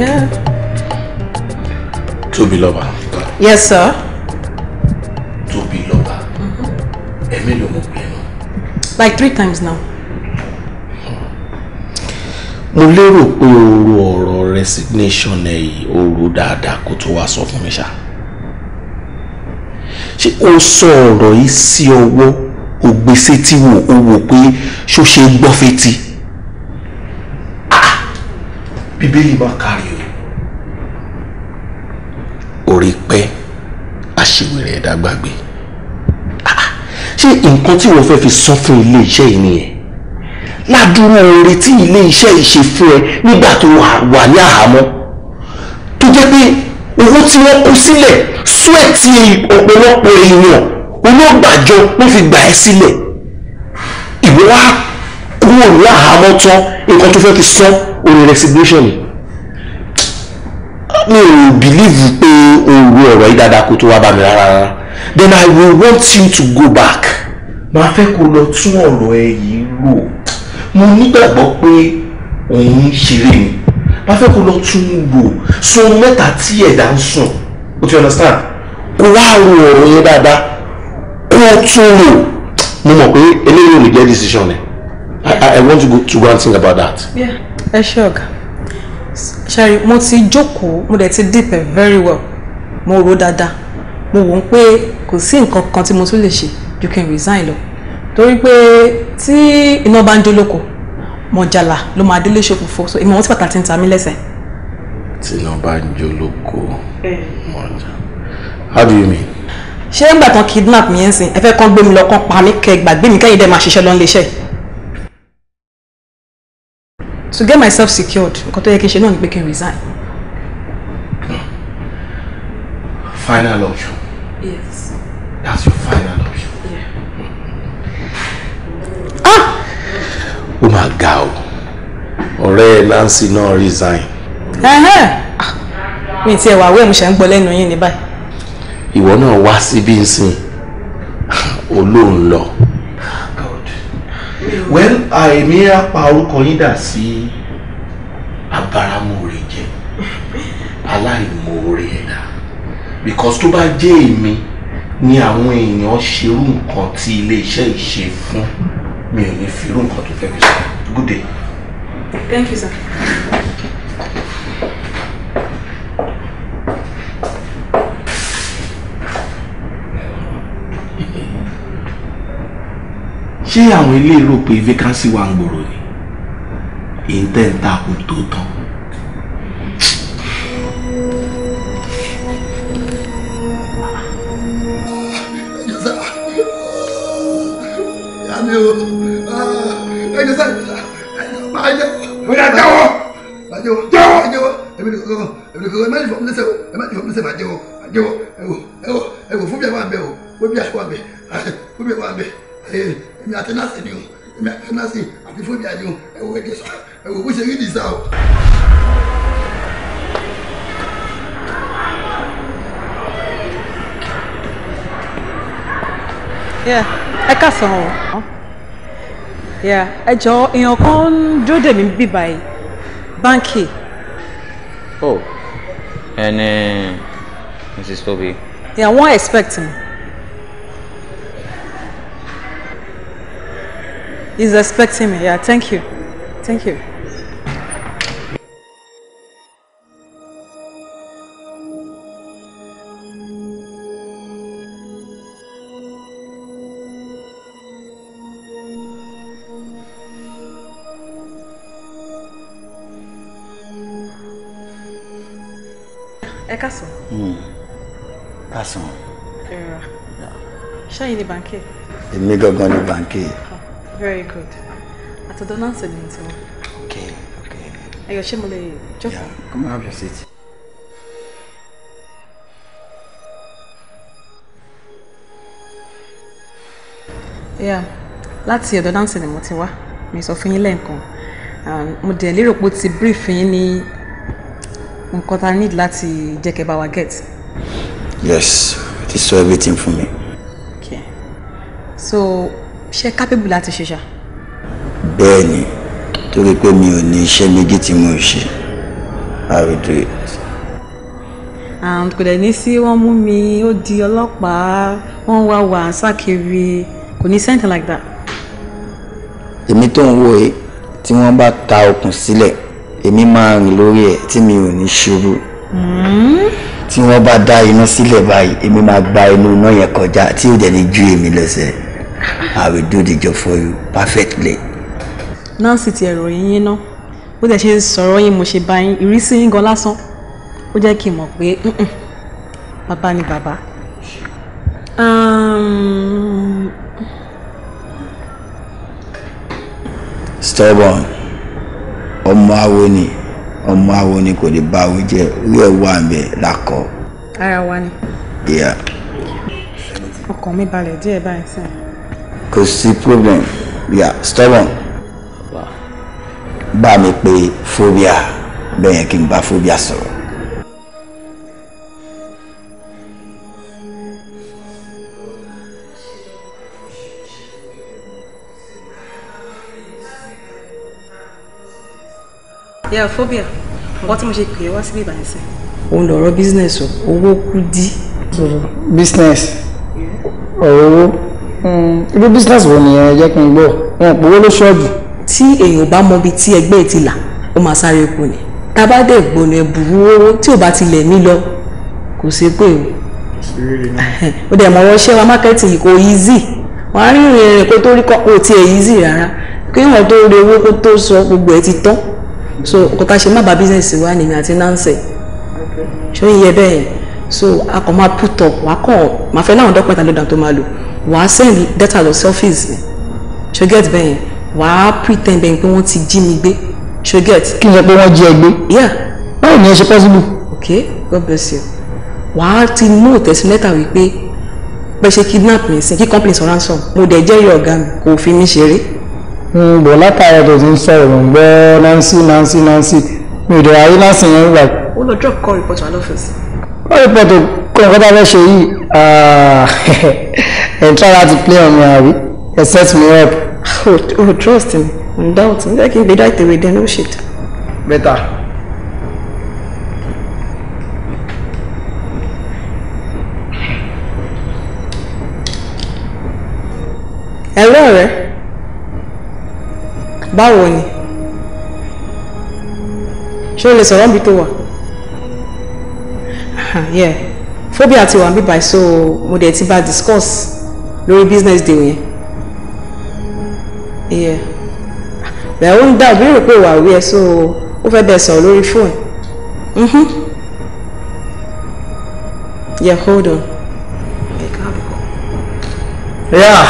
yeah. tóbi lọ́ba. yes sir. tóbi lọ́ba. Mm-hmm. ẹ̀mí ló mọ̀ pé náà. like three times now mo lérò pé o ọ̀rọ̀ resignation ẹ̀ yìí o ro dáadáa kó tó wá sọ fún mi ṣá ṣé o sọ ọ̀rọ̀ yìí sí ọwọ́ o gbé sétí wò o wò pé ṣó ṣe gbọ́ fétí ah! bíbélì má kárí o orí pẹ́ àṣewèrè ẹ̀dá gbàgbé ah! ṣé nǹkan tí wọ́n fẹ́ fi sọ fún ilé yìí nìyẹn ládùúrú oore tí ilé iṣẹ́ ìṣe fún ẹ nígbà tó wà ní àhámọ́ tó jẹ́ pé owó tí wọ́n kó sílẹ̀ súwẹ̀tì ọ̀pọ̀lọpọ̀ èèyàn olóògbàjọ ló fi gbà ẹ́ sílẹ̀ ìwọ wá kúrò ní àhámọ́ tán nǹkan tó fẹ́ fi sọ orí resignation mi ò bìlíìfù pé òun ọ̀rọ̀ yìí dáadáa kó tó wá bá mi rárá then I will want you to go back màá fẹ́ kó lọ tún ọ̀rọ̀ ẹ yìí rò mo nígbàgbọ́ pé òun ń ṣeré ni bá fẹ́ kó lọ tún wò sun mẹ́ta tí ẹ̀dá ń sùn o ti understand kó wá ro ọ̀rọ̀ yẹn dáadáa kó tún rò mo mọ̀ pé eléyìí ò lè jẹ́ decision ẹ̀ I, I want to go to go and think about that. ẹ ṣé ọ̀gá ṣẹ́rí mo ti jókòó mo dẹ̀ ti deep ẹ̀ very well mo rò dáadáa mo wò ó pé kò sí nǹkan kan tí mo tún lè ṣe you can resign lọ torí pé tí iná bá ń jó lóko mọ̀jàlá ló máa délé ṣòfófó so ìmọ̀ wọ́n ti pàtàkì ń ta mí lẹ́sẹ̀. tí iná bá ń jó lóko mọ̀jà how do you mean. ṣé ń gbà tán kidnap mi ẹ̀ ń sìn ẹ fẹ́ kán gbé mi lọ kán pa mí kẹ́ gbàgbé mi kẹ́yìn dẹ́ máa ṣiṣẹ́ lọ́nléeṣẹ́ yìí to get myself secured nǹkan tó yẹ kí n ṣe náà ni pé kí n resign. final option. yes. that's your final option. Ah! ó máa ga o ọ̀rẹ́ Nancy náà resign. Ah! mi ti ẹ̀wà awé mi ṣe ń gbọ́ lẹ́nu yín ní báyìí. ìwọ náà wá síbí nsìn olóhùn lọ. well àìmí á pa orúkọ yín dà sí abáramóore jẹ aláìmoore ẹ̀dá because tó bá jẹ́ èmi ni àwọn èèyàn ṣerú nǹkan tí iléeṣẹ́ ìṣe fún mi ò ní fi irú nǹkan tó fẹ́ mi sọ good day. thank you sir. ṣé àwọn ilé rò pé vacancy wà ń gbòòrò ni ìǹtẹ̀ ta kò tó tán. mi o ẹ jẹ sẹ máa jẹ. bóyá jẹ́wọ́. máa jẹ́wọ́ jẹ́wọ́ jẹ́wọ́ èmi ní kókó èmi ní kókó ẹ má ní fọmú lẹ́sẹ̀ o ẹ má ní fọmú lẹ́sẹ̀ máa jẹ́wọ́ máa jẹ́wọ́ ẹ wò ẹ wò ẹ wò fúnbíà wà bẹ o fúnbíà wà bẹ fúnbíà wà bẹ èmi àti nọ́ọ̀sì ni o èmi àti nọ́ọ̀sì àti fúnbíà ni o ẹ wò ẹ jẹ sọ ẹ wò bó ṣe rí nìyí sá o. Yeah, ẹ ká sàn o yeah ẹ jọ èèyàn kan ń dúró dè mí bí báyìí báńkì. oh ẹni uh, mrs tobi. yeah wọ́n expect me. he's expecting me yeah thank you thank you. ẹ káàsán. Hmm. káàsán. ẹ rà ṣáyìn ní bànkì. èmi gangan ní bànkì. Oh, very good àtọ̀dọ̀ náà sẹ̀lẹ̀ ní tiwọn. ok ok. ẹyọ ṣé mo lè jókòó. yeah come have your seat. yeah láti ọ̀dọ̀ náà sẹ̀lẹ̀ mo ti wá mi sọ fún yín lẹ́ẹ̀kan mo dẹ̀ lérò pé ó ti brief yín ní nǹkan ta need láti jẹ́ kẹ́ bá wa get. yes it is so everything for me. okay so ṣé capable láti ṣe ṣá. bẹ́ẹ̀ ni torí pé mi ò ní iṣẹ́ méjì tí mo ṣe i will do it. and kò dẹ̀ ní sí wọ́n mú mi ó di ọlọ́pàá wọ́n wá wà sákiri kò ní something like that. èmi tó ń wò é tí wọ́n bá ta okùn sílẹ̀ èmi máa rìn lórí ẹ̀ tí mi ò ní ṣubú tí wọ́n bá dá iná sílẹ̀ báyìí èmi máa gba inú iná yẹn kọjá tí ò dẹ̀ ní ju èmi lẹ́sẹ̀ I will do the job for you perfectly. Nancy ti ẹ̀rọ yín ná bó tẹ̀ ṣe ń sọ̀rọ̀ yín mo ṣe bá yín ìrísí yín gan lásán ó jẹ́ kí n mọ̀ pé bàbá ni bàbá. Um, stubborn ọmọ awo ni ọmọ awo ni kò lè bá awo jẹ orí ẹ wà mẹ lakọ. ara wa ni. ọkàn mi balẹ̀ díẹ̀ báyìí sẹ́yìn. kò sí problem yà stubborn bá mi pé phobia bẹ́ẹ̀ yẹn kí n bá phobia sọ̀rọ̀. yeah phobia What am I ṣe pè é wá síbí ìbàdàn sí. òun lọ̀rọ̀ business o owó kú dí. business ọ̀rọ̀ owó hmm, irú business wo nìyẹn jẹ́ kí n gbọ́ wọn pòwó ló ṣọ́ọ̀bù. tí èèyàn bá mọ ibi tí ẹgbẹ́ ti là ó máa sáré kù ni tábà dẹ̀ gbọ̀nà ẹ̀bùrú owó tí ò bá tilẹ̀ ní lọ kò ṣe pé o. [LAUGHS] ó dẹ̀ mọ̀ wọ́n ṣe wa mákẹ́tì yìí easy wọ́n á rí ìrìn ìrìn kó tó rí kó easy rárá kí wọ́n tó rí owó kó tó sọ gbogbo ẹ̀ ti tán so nǹkan tá a ṣe má ba business wa nìyẹn àti nancy ṣó yẹ bẹ́ẹ̀ so a kàn máa put up wàá kàn máa fẹ́ láwọn dọ́pẹ́ta lọ́dà tó máa lò wàá send data lọ sí ọ́fíìsì ni get bẹ́ẹ̀ wàá pretend bẹ́ẹ̀ pé wọ́n ti jí mi gbé ṣó get. kí n sọ pé wọ́n jí ẹ gbé. yeah. báwo ni ẹ ṣe possible. okay god bless you wàá ti mú òtẹ̀sí lẹ́tà wípé pẹ́ ṣe kidnap mi sí kí complain sọ ransom mo dẹ̀ jẹ́rìí ọ̀gá mi kò fi mí ṣeré. Hmm, ń bọ̀ látàrí ẹ̀dọ̀ tí ń sọ̀rọ̀ ló ń gbọ́ nancy nancy nancy mi ò dẹ̀ ayé nancy yẹn gbà. ó lọ drop call report wà lọ́fíìsì. call report kó nǹkan tá a fẹ́ ṣe yìí ah, [LAUGHS] ẹ̀ ń try láti play on me àbí ẹ̀ set me up. [LAUGHS] Oh, oh trust me n doubt n jẹ́ kí n gbé dá ìtẹ̀wé dẹ́nu ó ṣètò. better. ẹ̀rọ rẹ̀ báwo ni ṣé o lè sọ̀rọ̀ níbi tó wà [LAUGHS] yeah phobia ti wà níbi so mo dẹ̀ ti bá discuss lórí business deal yẹn yeah bẹ́ẹ̀ ó ń dá òbí rò pé wà wí ẹ so ó fẹ́ bẹ̀ sọ̀rọ̀ lórí fóònù mhm yeah hold on. yeah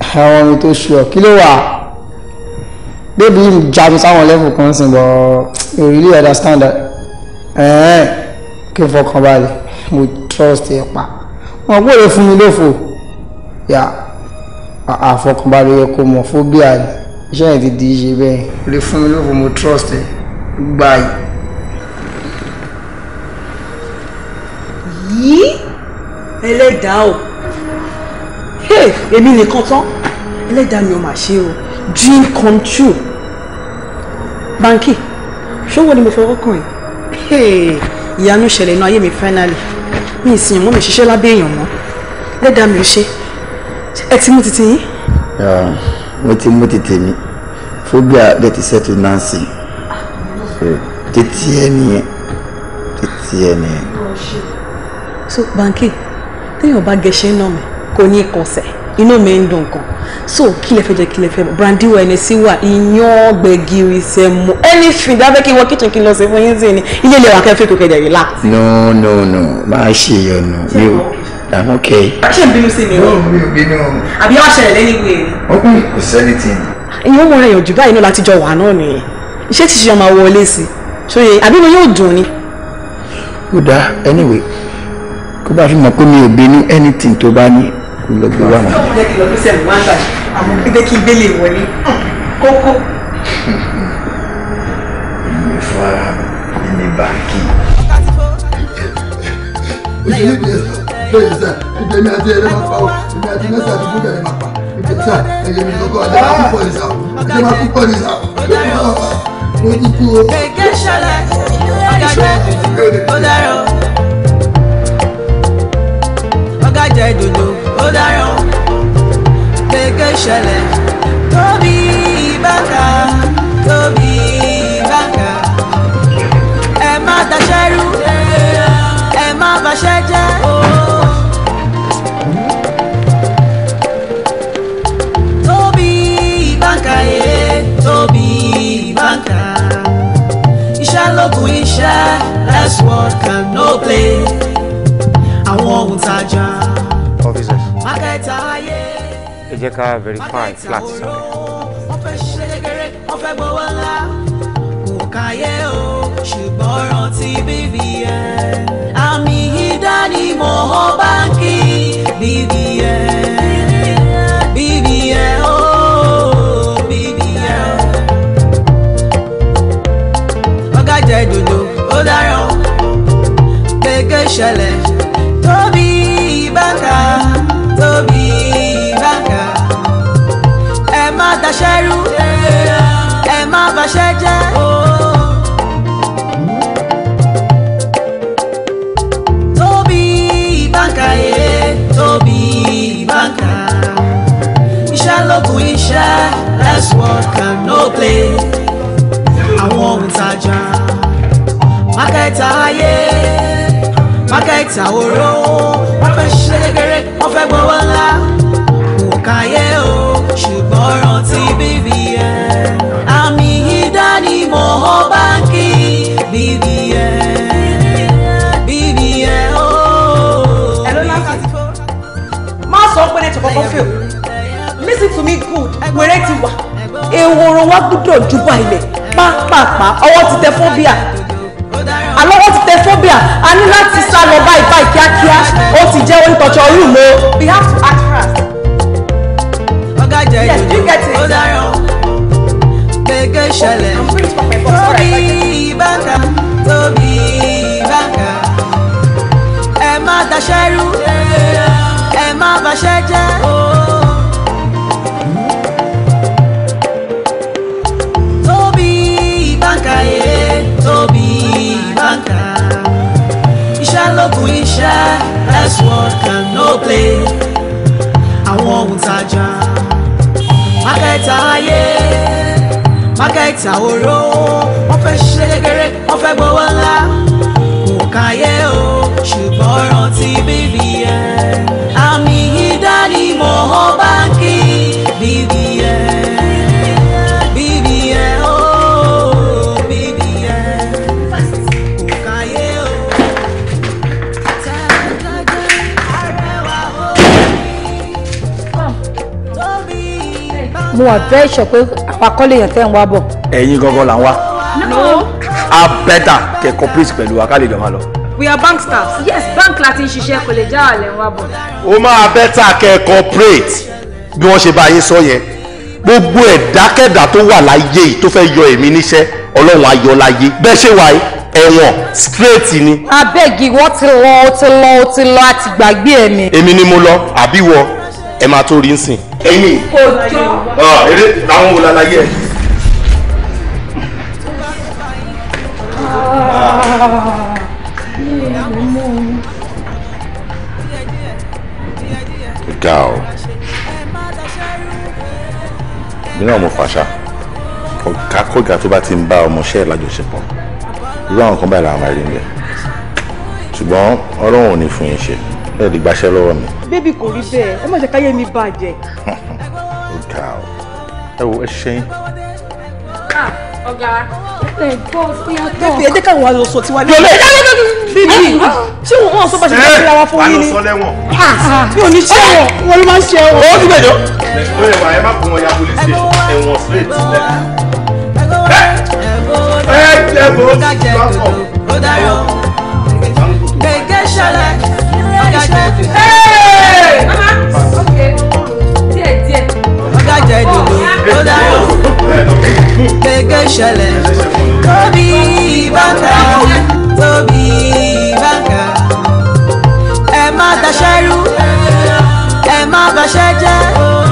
àwọn omi tó ṣù ọ kí ló wà débi jagun sáwọn level kan sìn bọ́ you really understand that Eh? kí n fọkàn balẹ̀ mo trust ẹ pa wọn kò lè fún mi lófo yà àfọkànbalẹ̀ yẹ kó mọ̀ phobia ni iṣẹ́ yẹn ti di ṣe bẹ́ẹ̀ lè fún mi lófo mo trust ẹ gbà yìí. yìí ẹlẹ́dàá o èmi nìkan tán ẹlẹ́dàá mi ò mà ṣe o dream come true banki ṣówó ni mo fọwọ́ kàn yìí ìyanu ṣẹlẹ̀ inú ayé mi finally mi ì sìn mọ́ mi ṣiṣẹ́ lábẹ́ èèyàn mọ́ lẹ́dàá mi ò ṣe ẹ ti mú titi yín. Um, mo ti mú tètè mi phobia dẹ̀ ti settle nancy tètè ẹ nìyẹn tètè ẹ nìyẹn. so banki téèyàn bá gẹṣẹ́ náà mi kò ní í kọsẹ̀ inú mi ń dùn kan so kí lè fẹ́ jẹ kí lè fẹ́ brandy wa ẹni sí wa iyán gbẹ̀gìrì sẹmu anything dábẹ́ kí n wọ kitchen kí n lọ sí fún yín sí ni ilé ilé wa kẹfẹ́ kókè dẹ̀ relax. no no no máa ṣe ìyọnu mi ò i'm okay. ṣé n bínú sí mi o mi ò bínú o àbí wàá ṣẹlẹ̀ lẹ́ni ìwé rẹ̀. ó pè é kò sẹ́ni tì mí. ìyẹn ọmọ rẹ̀ yànjú báyìí náà láti jọ wà náà nìyẹn iṣẹ́ ti ṣe ọmọ wọlé sí ṣóye àbí mi yóò dùn ni. ó dáa anyway kó bá fi mọ̀ pé mi ò bínú anything tó bá ní lọ gbé wà mọ́. ọlọ́run jẹ́ kí lọ gbèsè mú wáńgbà àmọ́ gbígbé kí gbélé wọlé kókó. mi fara mi bá kí. òṣèlú bẹ́ẹ̀ sà ìjẹ́mi àti ẹ̀rẹ́ máa pa ọ́ ìjẹ́mi àti mẹ́sà àti fúnkẹ́ ẹ̀rẹ́ máa pa ìjẹ́ sà ẹ̀jẹ̀ mi lọ́kọ̀ ọ̀dẹ́ máa púpọ̀ ní sà ọ̀dẹ́ máa púpọ̀ ní sà mo ti kú o. gègé ṣọlẹ̀ ọ̀gájẹ́ ọ̀gájẹ́ dòdò tó dáràn gbẹ̀gẹ̀ ṣẹlẹ̀ tóbi ìbáka tóbi ìbáka ẹ má daṣẹ́ rú ẹ má baṣẹ́ jẹ́. tóbi ìbáka yé tóbi ìbáka iṣẹ́ lógun work and no play àwọn òǹtajà ẹ jẹ́ ká verify flat sọ̀rọ̀. wọ́n fẹ́ ṣe gẹ́gẹ́rẹ́ wọ́n ńlá kò káyé o ṣùgbọ́n rántí BVN àmì ìdánimọ̀ báńkì. ṣàwòrò wọ́n fẹ́ ṣiṣẹ́ kékeré wọ́n fẹ́ gbowó ńlá kò káyé o ṣùgbọ́n rántí BVN àmì ìdánimọ̀ báńkì BVN BVN o. Oh. ẹ ló láǹkà ti fọ́. má sọ pé ní tọkọtọ fẹ́ o listen to me good wèrè ti wà ehoro wa gbúdọ̀ jùbọ̀ ilẹ̀ pápápá ọwọ́ ti tẹ fún bíà àlọ́ ti tẹ phobia a ní láti sá lọ báyìí báyìí kíákíá ó ti jẹ́ orí tọ́jọ́ orí mo we have to act fast. ọ̀gá jẹ ìdòdò ó dára gbẹgẹ ìṣẹ̀lẹ̀ tóbi ìbáǹkà tóbi ìbáǹkà ẹ má daṣẹ́ rú ẹ má baṣẹ́ jẹ́. tóbi lókun iṣẹ́ less word can no play àwọn òǹtajà mákẹ́tà ayé mákẹ́tà oró wọ́n fẹ́ ṣe kékeré wọ́n fẹ́ gbowó ńlá kò káyé o ṣùgbọ́n rántí bíbí ẹ̀ àmì ìdánimọ̀ báńkì bíbí. mo wà very sure pé àwa kọ́ lèèyàn tẹ́ ń wá bọ̀. ẹ̀yin gangan là ń wá. no. a bẹ́tà kẹ́ complete pẹ̀lú akálẹ̀ ìjọba lọ. we are bank staff. yes bank láti ń ṣiṣẹ́ kò lè já àlẹ́ ń wá bọ̀. ó máa bẹ́tà kẹ́ corporate bí wọ́n ṣe bá yín sọ yẹn gbogbo ẹ̀dákẹ́dà tó wà láyé yìí tó fẹ́ yọ èmi níṣẹ́ ọlọ́run ayọ̀ láyé bẹ́ẹ̀ ṣe wáyé ẹ̀wọ̀n straight ni. abeg wọ́n ti lọ ti lọ ti lọ àti gbàgbé ẹ̀mí. èmi ni mo lọ àbí wọ ẹ máa tó rí nsìn ẹ̀yìn kò jọ ah, eré làwọn wò lálàyé ẹ. Ah. ga o nínú àwọn fàṣà ọ̀gá kọ̀gá tó bá ti ń bá ọmọọṣẹ́ lájọṣepọ̀ irú àwọn kan báyìí làwọn máa rí ń bẹ̀ ṣùgbọ́n ọlọ́run ò ní fún yín ṣe ẹ lè gbaṣẹ́ lọ́wọ́ mi. bébì kò rí bẹ́ẹ̀ ẹ má jẹ́ káyé mi bàjẹ́. ó ga ọ ẹ wo ẹ ṣẹyìn. ọ̀gá ẹ gbọ́ bóyá tó. bébì ẹ jẹ́ káwọn wa lọ sọ tiwa ní. yọlẹ bébì ṣé wọn wọn sọ bá ṣe bá ṣe ara fún yín ni. mi ò ní ṣe wọn wọn ló máa ń ṣe wọn. ó ti gbẹjọ. ó yẹ wà ẹ má kún wọn ya police station ẹ̀wọ̀n straight sílẹ̀. ẹ ẹ jẹ bó lọkọ. gègé ṣẹlẹ̀ ọ̀gá jẹ̀dù. díẹ̀ díẹ̀ ọ̀gá jẹ̀dù ló dárò gbẹ̀gẹ̀ ṣẹlẹ̀ tóbi ìbáka tóbi ìbáka ẹ má daṣẹ́ rú ẹ má baṣẹ́ jẹ́.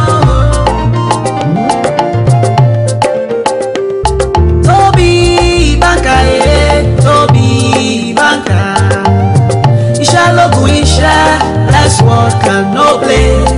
world no blame.